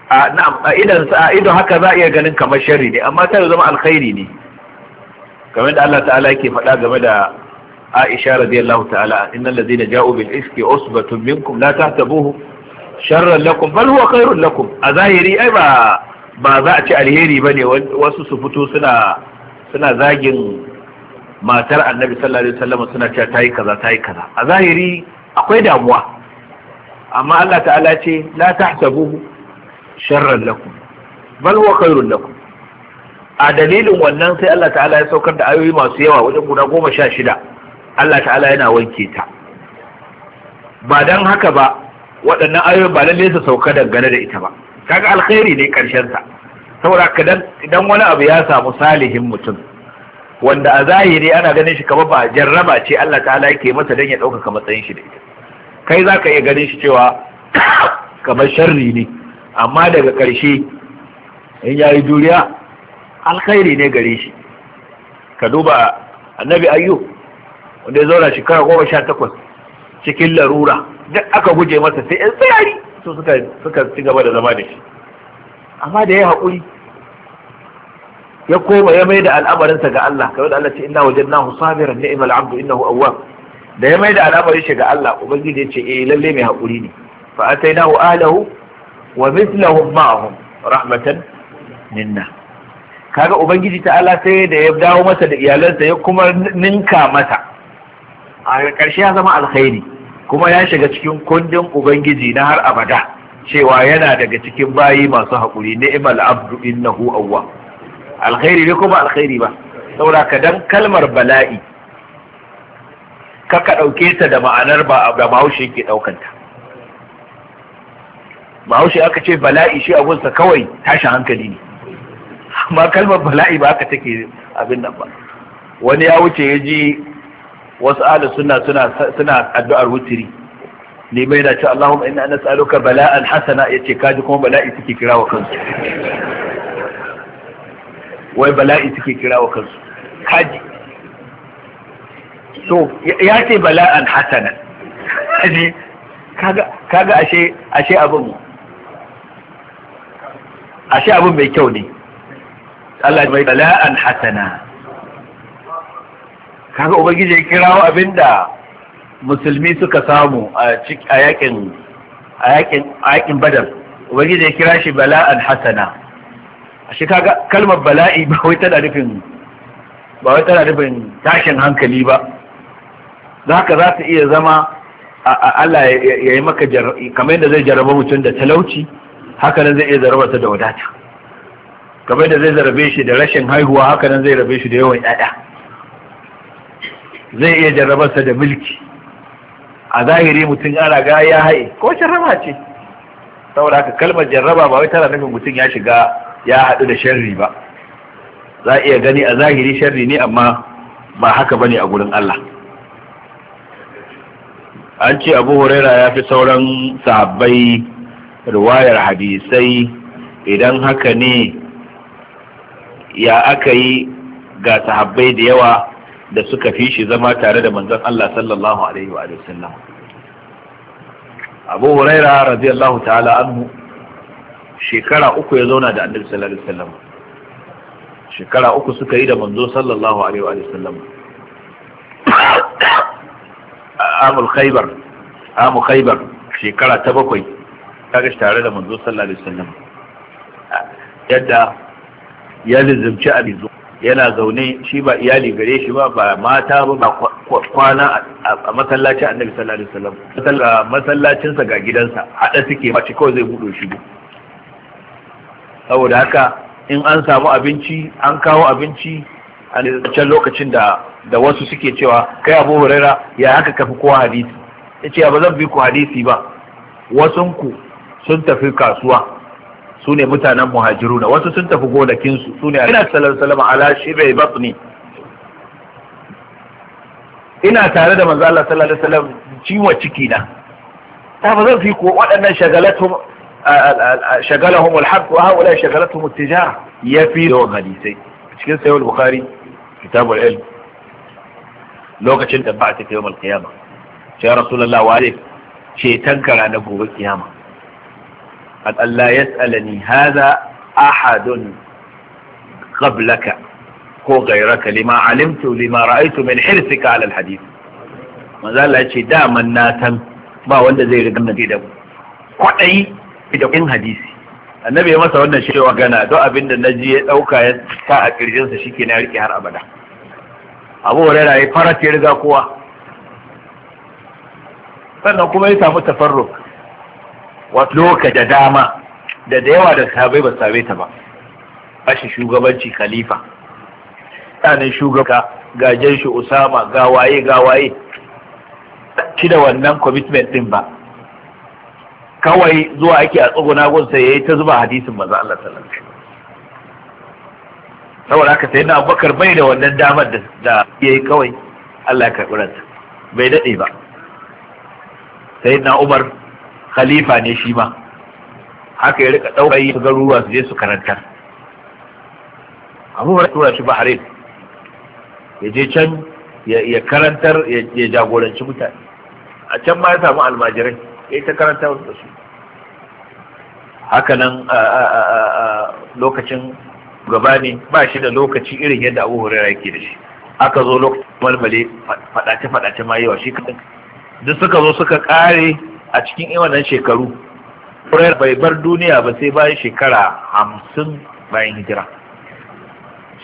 a idan sa idan haka za iya ganin kamar sharri ne amma ta zama alkhairi ne kamar da Allah ta'ala yake faɗa game da Aisha radiyallahu ta'ala innal ladina ja'u bil iski usbatun minkum la tahtabuhu sharran lakum bal huwa khairun lakum a zahiri ai ba ba za a ci alheri ba ne wasu su fito suna suna zagin matar annabi sallallahu alaihi wasallam suna cewa ta yi kaza ta yi kaza a zahiri akwai damuwa amma Allah ta'ala ce la tahsabu sharran lakum bal huwa khairun lakum a dalilin wannan sai Allah ta'ala ya saukar da ayoyi masu yawa wajen guda goma sha shida Allah ta'ala yana wanke ta ba don haka ba waɗannan ayoyi ba lalle su sauka dangane da ita ba kaga alkhairi ne karshen sa saboda kadan idan wani abu ya samu salihin mutum wanda a zahiri ana ganin shi kamar ba jarraba ce Allah ta'ala yake masa dan ya ɗaukaka matsayin shi da ita kai zaka iya ganin shi cewa kamar sharri ne amma daga karshe in yayi juriya alkhairi ne gare shi ka duba annabi ayyu wanda ya zauna shekara goma sha takwas cikin larura duk aka guje masa sai in tsayari su suka suka ci gaba da zama da shi amma da ya haƙuri ya koma ya mai da al'amarinsa ga Allah kamar da Allah ce inna wajadnahu sabiran ni'mal abdu innahu awwab da ya mai da al'amarin shi ga Allah ubangiji ya ce eh lalle mai haƙuri ne fa atainahu ahlahu wa mithluhum ma'ahum rahmatan minna kaga ubangiji ta Allah sai da ya dawo masa da iyalansa ya kuma ninka masa a ƙarshe ya zama alkhairi kuma ya shiga cikin kundin ubangiji na har abada cewa yana daga cikin bayi masu haƙuri ni'mal abdu innahu awwa alkhairi ne ko ba alkhairi ba saboda ka dan kalmar bala'i kaka ɗauke ta da ma'anar ba da bahaushe ke ɗaukanta bahaushe aka ce bala'i shi sa kawai tashin hankali ne amma kalmar bala'i ba aka take abin nan ba wani ya wuce ya ji wasu ahli sunna suna suna addu'ar wutiri limai yana ce Allahumma inna nas'aluka bala'an hasana yace kaji kuma bala'i suke kira wa kansu wai bala'i suke kira wa kansu kaji so ya ce bala'an hasana kaji kaga kaga ashe ashe abin ashe abin mai kyau ne Allah ya bala'an hasana kaga ubangiji ya kirawo abinda musulmi suka samu a yakin a yakin badar ubangiji ya kira shi bala'an hasana a shi kaga kalmar bala'i ba wai tana nufin ba wai tana nufin tashin hankali ba za ka za ta iya zama a Allah ya yi maka kamar yadda zai jarraba mutum da talauci haka nan zai iya jarraba ta da wadata kamar yadda zai zarabe shi da rashin haihuwa haka nan zai rabe shi da yawan ƴaƴa. zai iya jarrabarsa da mulki a zahiri mutum ana ga ya haye ko jarraba ce saboda haka kalmar jarraba ba wai tana nufin mutum ya shiga ya haɗu da sharri ba za a iya gani a zahiri sharri ne amma ba haka ba ne a gurin Allah an ce abu huraira ya fi sauran sahabbai riwayar hadisai idan haka ne ya aka yi ga sahabbai da yawa da suka fi shi zama tare da manzon Allah sallallahu alaihi wa sallam Abu Huraira radiyallahu ta'ala anhu shekara uku ya zauna da Annabi sallallahu alaihi wasallam shekara uku suka yi da manzo sallallahu alaihi wa sallam amul khaybar khaybar shekara ta bakwai kaga tare da manzo sallallahu alaihi wasallam yadda ya lizimci abin yana zaune shi ba iyali gare shi ba ba mata ba ba kwana a masallacin annabi sallallahu alaihi wasallam masallacinsa ga gidansa hada suke ci kawai zai budo shi saboda haka in an samu abinci an kawo abinci a can lokacin da da wasu suke cewa kai abu huraira ya haka kafi kowa hadisi ya ce ba zan bi ku hadisi ba wasunku sun tafi kasuwa su ne mutanen muhajiruna wasu sun tafi gonakinsu su ne ina sallallahu ala shibe batni ina tare da manzo Allah sallallahu alaihi wasallam ciwo ciki na ta ba zan fi ko waɗannan shagalatu shagalahum alhaq wa haula da cikin sahih al-bukhari kitab al lokacin da ba ta kai yawmal ya rasulullah wa alaikum ce tankara na gobe kiyama an Allah ya tsalani haza ahadun qablaka ko gairaka lima alimtu lima ra'aitu min hirsika ala alhadith manzo Allah ya ce daman na tan ba wanda zai riga nabi da kwadayi da kin hadisi annabi ya masa wannan shi wa gana don abin da naji ya dauka ya sa a kirjinsa shike na rike har abada abu hurairah ya fara ce riga kowa sannan kuma ya samu tafarruk loka da dama da da yawa da sahabai ba same ta ba bashi shugabanci khalifa tsanin shugaba ga shi usama ga waye ga waye ci da wannan commitment din ba kawai zuwa ake a tsuguna gun sai yayi ta zuba hadisin maza Allah sallallahu alaihi wasallam saboda haka sai na Abubakar bai da wannan damar da ya yayi kawai Allah ya karbi bai dade ba sai na Umar khalifa ne shi ma haka ya rika ɗaukar su garuruwa su je su karantar abu ba tura shi bahrain ya je can ya karantar ya jagoranci mutane a can ma ya samu almajirai ya ta karantar da su haka nan lokacin gaba ne ba shi da lokaci irin yadda abu hurairah yake da shi aka zo lokacin malmale faɗace-faɗace ma yawa shi kaɗan duk suka zo suka kare. a cikin wannan shekaru Huraira bai bar duniya ba sai bayan shekara hamsin bayan hijira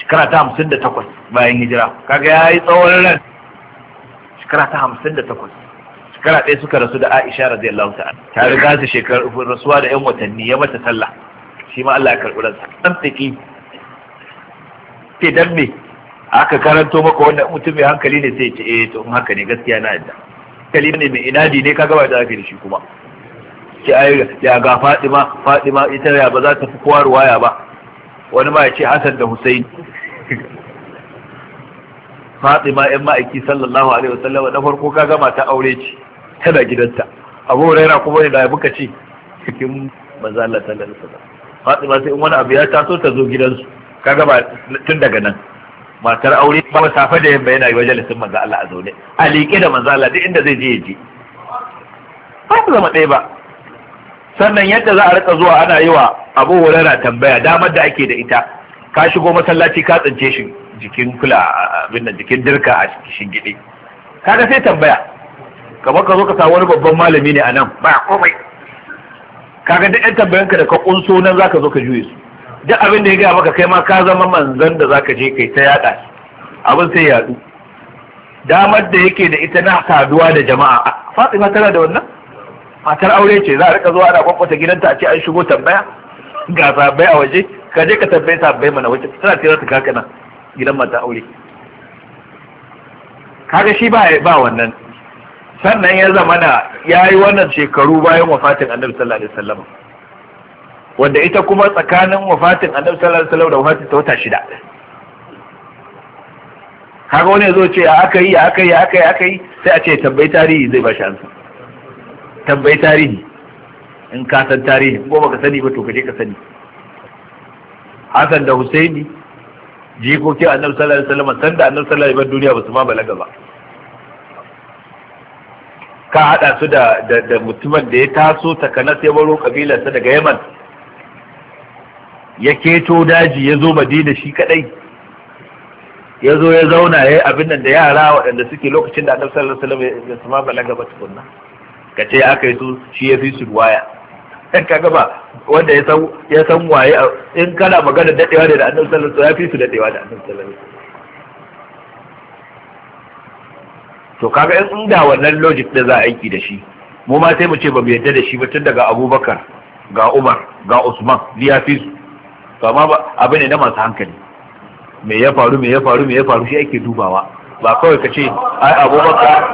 shekara ta hamsin da takwas bayan hijira kaga ya yi tsawon ran shekara ta hamsin da takwas shekara ɗaya suka rasu da aisha zai lauta. ta riga su shekaru rasuwa da yan watanni ya mata sallah shi ma Allah ya karɓi ransa Ɗan tsaki ke dan me aka karanto maka wannan mutum mai hankali ne sai ya ce eh to in haka ne gaskiya na yadda kalima ne mai inadi ne kaga ba da ake da shi kuma ce ai ya ga Fatima Fatima ita ya ba za ta fi kowa ruwaya ba wani ma ya ce Hassan da Hussein Fatima ɗan ma'aiki sallallahu alaihi wasallam na farko ka gama ta aure ce tana gidanta Abu raira kuma ne da ya buka ce cikin manzo da sallallahu Fatima sai in wani abu ya taso ta zo gidansu Ka gama tun daga nan matar aure ba safe da yamma yana yi majalisin manzo Allah a zaune a liƙe da manzo Allah duk inda zai je ya je ba su zama ɗaya ba sannan yadda za a rika zuwa ana yi wa abu na tambaya damar da ake da ita ka shigo masallaci ka tsince shi jikin kula abin nan jikin dirka a Ka kaga sai tambaya kamar ka zo ka samu wani babban malami ne a nan ba komai kaga duk yan tambayanka da ka ƙunso nan zaka zo ka juye su duk abin da ya gaya maka kai ma ka zama manzon da zaka je kai ta yada abin sai yadu damar da yake da ita na saduwa da jama'a fatima tana da wannan matar aure ce za a rika zuwa ana kwakwata gidanta a ce an shigo tambaya ga sabbai a waje ka je ka tambaye sabbai mana wace tana tira ta kaka nan gidan mata aure kaga shi ba ba wannan sannan ya zamana yayi wannan shekaru bayan wafatin annabi sallallahu alaihi wasallam wanda ita kuma tsakanin wafatin annabi sallallahu alaihi wasallam da wafatin ta wata shida Haka wani zo ce aka yi aka yi aka yi aka yi sai a ce tambayi tarihi zai bashi ansa tambayi tarihi in ka san tarihi ko baka sani ba to kaje ka sani Hassan da Husaini jikokin annabi sallallahu alaihi wasallam sanda annabi sallallahu alaihi wasallam duniya ba su ma balaga ba ka hada su da da mutumin da ya taso takana sai baro kabilarsa daga Yaman ya keto daji ya zo madina shi kadai ya zo ya zauna ya yi abin nan da yara waɗanda suke lokacin da annabi sallallahu alaihi wasallam ya sama balaga ba tukunna ka ce aka yi su shi ya fi su waya ka gaba wanda ya san ya san waye in kana magana dadewa da annabi sallallahu alaihi wasallam ya fi su dadewa da annabi sallallahu alaihi wasallam to kaga in inda wannan logic da za a aiki da shi mu ma sai mu ce ba mu yadda da shi ba tun daga Abubakar ga Umar ga Usman fi su to amma ba abin ne na masu hankali me ya faru me ya faru me ya faru shi ake dubawa ba kawai ka ce ai abubakar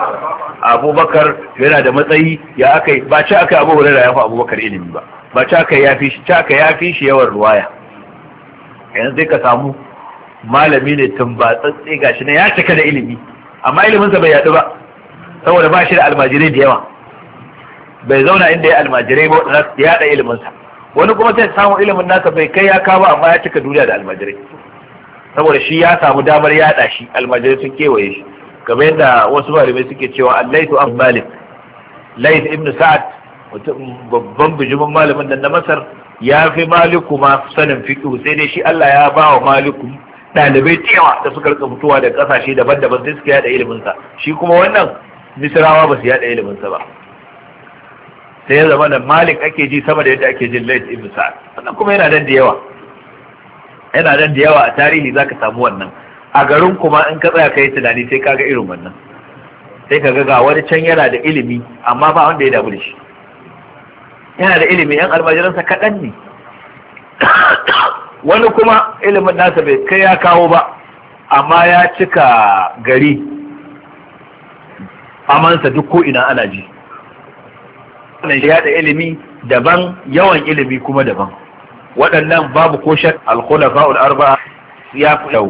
abubakar yana da matsayi ya aka ba ci aka abu hurera ya fi abubakar ilimi ba ba ci aka yafi shi ci aka yafi shi yawan ruwaya yanzu zai ka samu malami ne ga shi na ya cika da ilimi amma iliminsa bai yaɗu ba saboda ba shi da almajirai da yawa bai zauna inda ya almajirai ba ya da iliminsa wani kuma sai samun ilimin nasa bai kai ya kawo amma ya cika duniya da almajirai saboda shi ya samu damar yada shi almajirai sun kewaye shi kamar yadda wasu malamai suke cewa allaitu an malik lait ibn sa'ad babban bijimin malamin nan na masar ya fi maliku ma sanin fiqh sai dai shi Allah ya ba wa maliku ɗalibai cewa da suka rika fitowa daga ƙasashe daban-daban sai suka yada ilimin sa shi kuma wannan Misirawa ba su yada ilimin sa ba sai ya zama da malik ake ji sama da yadda ake jin lais ibn sa'ad wannan kuma yana nan da yawa yana nan da yawa a tarihi zaka samu wannan a garin kuma in ka tsaya kai tunani sai kaga irin wannan sai kaga ga wani can yana da ilimi amma ba wanda ya damu da shi yana da ilimi yan almajiransa kaɗan ne wani kuma ilimin nasa bai kai ya kawo ba amma ya cika gari amansa duk ko ina ana ji wannan yada ilimi daban yawan ilimi kuma daban waɗannan babu ko shak al-khulafa'ul arba'a ya fito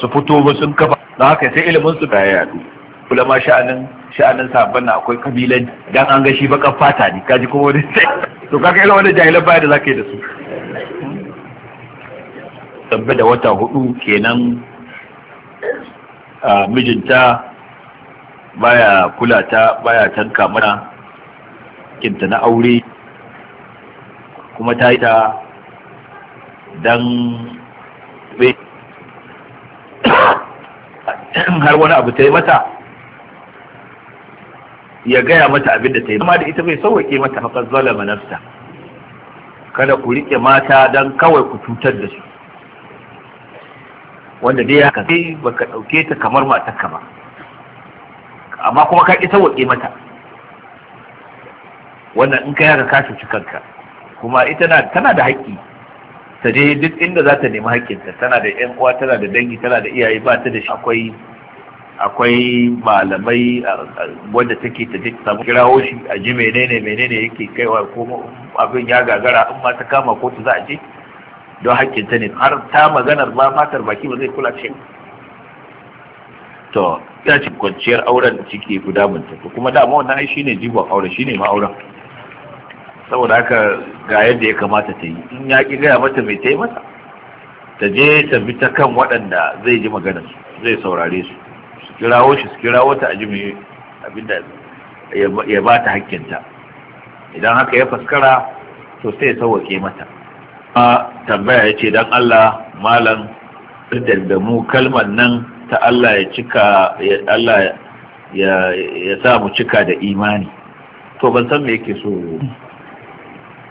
su fito ba sun kafa don haka sai ilimin su da yadu ulama sha'anin sha'anin sabon akwai kabilan dan an ga shi fata ne kaji kuma wani to kaka irin wani jahilan baya da zaka yi da su tabbe da wata hudu kenan mijinta baya kula ta baya tanka mana haƙƙinta na aure kuma ta yi ta don har wani abu ta yi mata ya gaya mata abin da ta yi amma da ita bai sauwake mata faƙar zalama nafsa kada ku riƙe mata don kawai ku cutar da su wanda dai ya kasai baka ɗauke ta kamar matakka ba amma kuma ka ƙi sauwaƙe mata wannan in kai haka ka cuci kanka kuma ita tana da haƙƙi ta je duk inda za ta nemi haƙƙinta tana da ƴan uwa tana da dangi tana da iyaye ba ta da shi akwai akwai malamai wanda take ta je samu kirawo shi a ji menene menene yake kaiwa ko abin ya gagara in ma ta kama kotu za a je don haƙƙinta ne har ta maganar ma fatar baki ba zai kula ce to ta ci kwanciyar auren ciki guda mun kuma dama wannan ai shine jibon auren shine ma auren saboda haka ga yadda ya kamata ta yi in ya ki gaya mata mai ta yi mata ta je ta bi ta kan waɗanda zai ji magana su zai saurare su su kirawo shi su kirawo ta a ji mai abinda ya ba ta hakkinta idan haka ya faskara to sai ya sauwaƙe mata a tambaya ya ce don Allah malam da mu kalmar nan ta Allah ya cika Allah ya sa mu cika da imani to ban san me yake so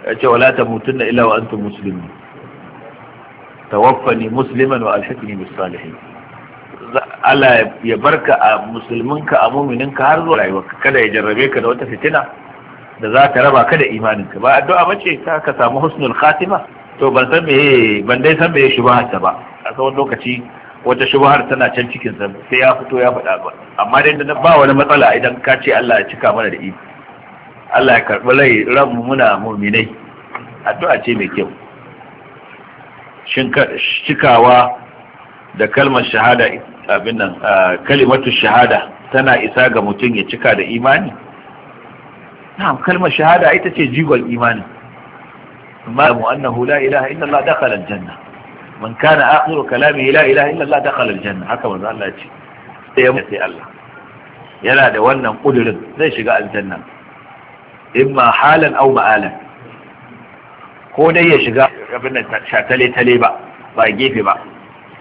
ya ce wala na illa wa antum muslimin tawaffani musliman wa alhaqni bis salihin Allah ya barka a musulminka a mumininka har zuwa rayuwarka kada ya jarrabe ka da wata fitina da za ta raba ka da imaninka ba addu'a bace ta ka samu husnul khatima to ban san me ban dai san me shubaha ta ba a tsawon lokaci wata shubahar tana can cikin sa sai ya fito ya faɗa ba amma dai da ba wani matsala idan ka ce Allah ya cika mana da imani Allah ya karɓi rai ranmu muna muminai addu'a ce mai kyau cikawa da kalmar shahada abin nan kalimatu shahada tana isa ga mutum ya cika da imani na'am kalmar shahada ita ce jigon imani amma mu annahu la ilaha illa Allah dakhala aljanna man kana akhiru kalamihi la ilaha illa Allah dakhala aljanna haka manzo Allah ya ce sai Allah yana da wannan kudirin zai shiga aljanna imma halan au ma'alan ko dai ya shiga abin da shatale tale ba ba gefe ba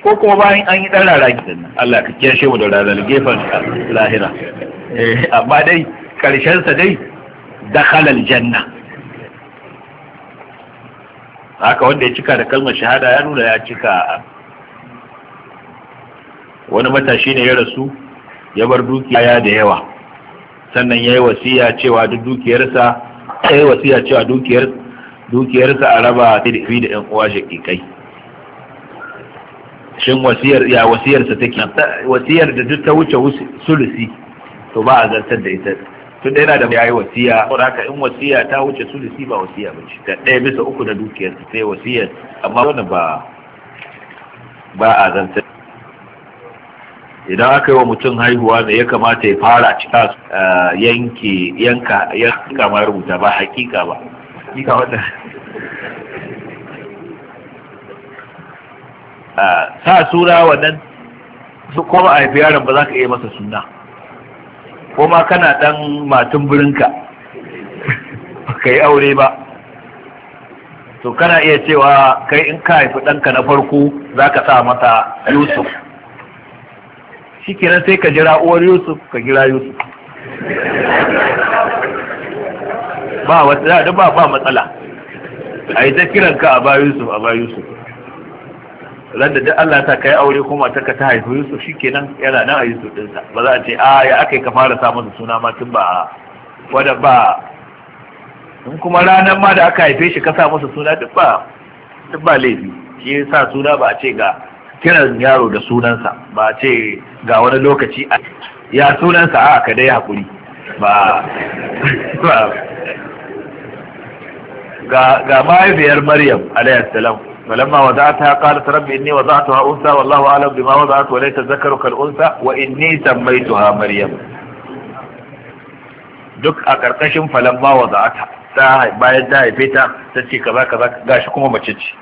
ko kuma bayan an yi dan gidan nan Allah ka kiyashe mu da rara gefen lahira eh amma dai karshen sa dai dakhala aljanna haka wanda ya cika da kalmar shahada ya nuna ya cika wani matashi ne ya rasu ya bar dukiya da yawa sannan yi wasiya cewa duk dukiyarsa yi wasiya cewa dukiyar dukiyarsa a raba ta da da ɗan uwa shaƙiƙai shin wasiyar ya wasiyarsa sa take wasiyar da duk ta wuce sulusi to ba a zartar da ita tun yana da yi wasiya ko haka in wasiya ta wuce sulusi ba wasiya ba ce ta ɗaya bisa uku da ta sai wasiyar amma wannan ba ba a zartar idan aka yi wa mutum haihuwa ne ya kamata ya fara cika eh, yanki yanka ma rubuta ba hakika ba hakika wanda eh, sa suna wannan su kuma a haifi yaron ba za ka iya masa suna ko kana dan matun birinka ba ka yi aure ba to kana iya cewa kai in ka haifi ɗanka na farko za ka sa mata yusuf shikenan sai ka jira uwar yusuf ka jira yusuf ba wata da ba ba matsala a yi ta kiran ka a ba yusuf a ba yusuf Randa da duk Allah ta kai aure kuma ta ka ta haifi yusuf shikenan yana nan a yusuf dinsa ba za a ce a ya aka ka fara sa masa suna ma tun ba wadda ba in kuma ranar ma da aka haife shi ka sa masa suna duk ba duk ba laifi shi sa suna ba a ce ga kiran yaro da sunansa ba ce ga wani lokaci ya sunansa a ka dai haƙuri ba ga mahaifiyar maryam a daya salam فلما وضعتها قالت رب إني وضعتها أنثى والله أعلم بما وضعت وليس الذكر كالأنثى mai سميتها Maryam. duk a ƙarƙashin falamma wa ta bayan ta haife ta ta ce kaza kaza gashi kuma mace ce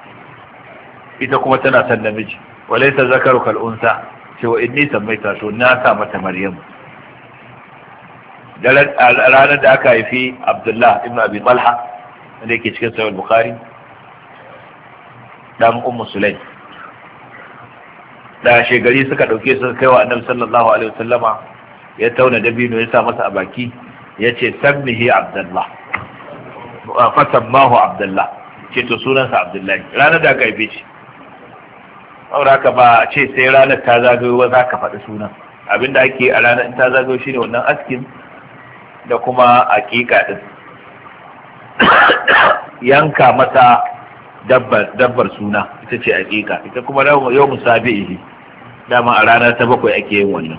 ita kuma tana son namiji walaysa zakaru kal unsa cewa inni sammaita to na sa mata maryam ranar da aka haifi abdullah ibn abi talha wanda yake cikin sahih bukhari dan ummu sulaim da shegari suka dauke su kai wa annabi sallallahu alaihi wasallama ya tauna dabino ya sa masa a baki ya ce sammihi abdullah fasammahu abdullah ce to sunansa abdullahi ranar da aka haife shi saboda haka ba ce sai ranar ta zagayo ba za ka faɗi sunan abinda ake a ranar ta zagayo shine wannan askin da kuma aƙiƙa din yanka masa dabbar suna ita ce aƙiƙa ita kuma yau musabihi dama a ranar ta bakwai ake yin wannan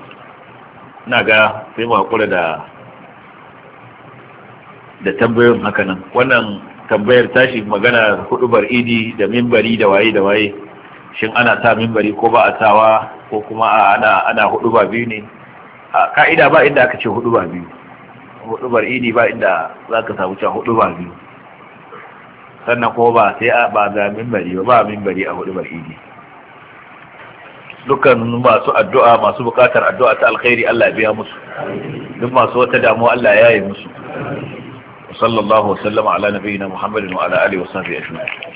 na ga sai mu hakura da da tambayoyin nan. wannan tambayar tashi magana hudubar idi da mimbari da waye da waye shin ana sa mimbari ko ba a tawa ko kuma ana ana hudu ba biyu ne a ka'ida ba inda aka ce hudu ba biyu hudu bar ini ba inda za ka samu cewa hudu ba biyu sannan ko ba sai a ba ga mimbari ba mimbari a hudu bar ini dukkan masu addu'a masu bukatar addu'a ta alkhairi Allah ya biya musu duk masu wata damuwa Allah ya yi musu sallallahu wasallama ala nabiyyina muhammadin wa ala alihi wa sahbihi ajma'in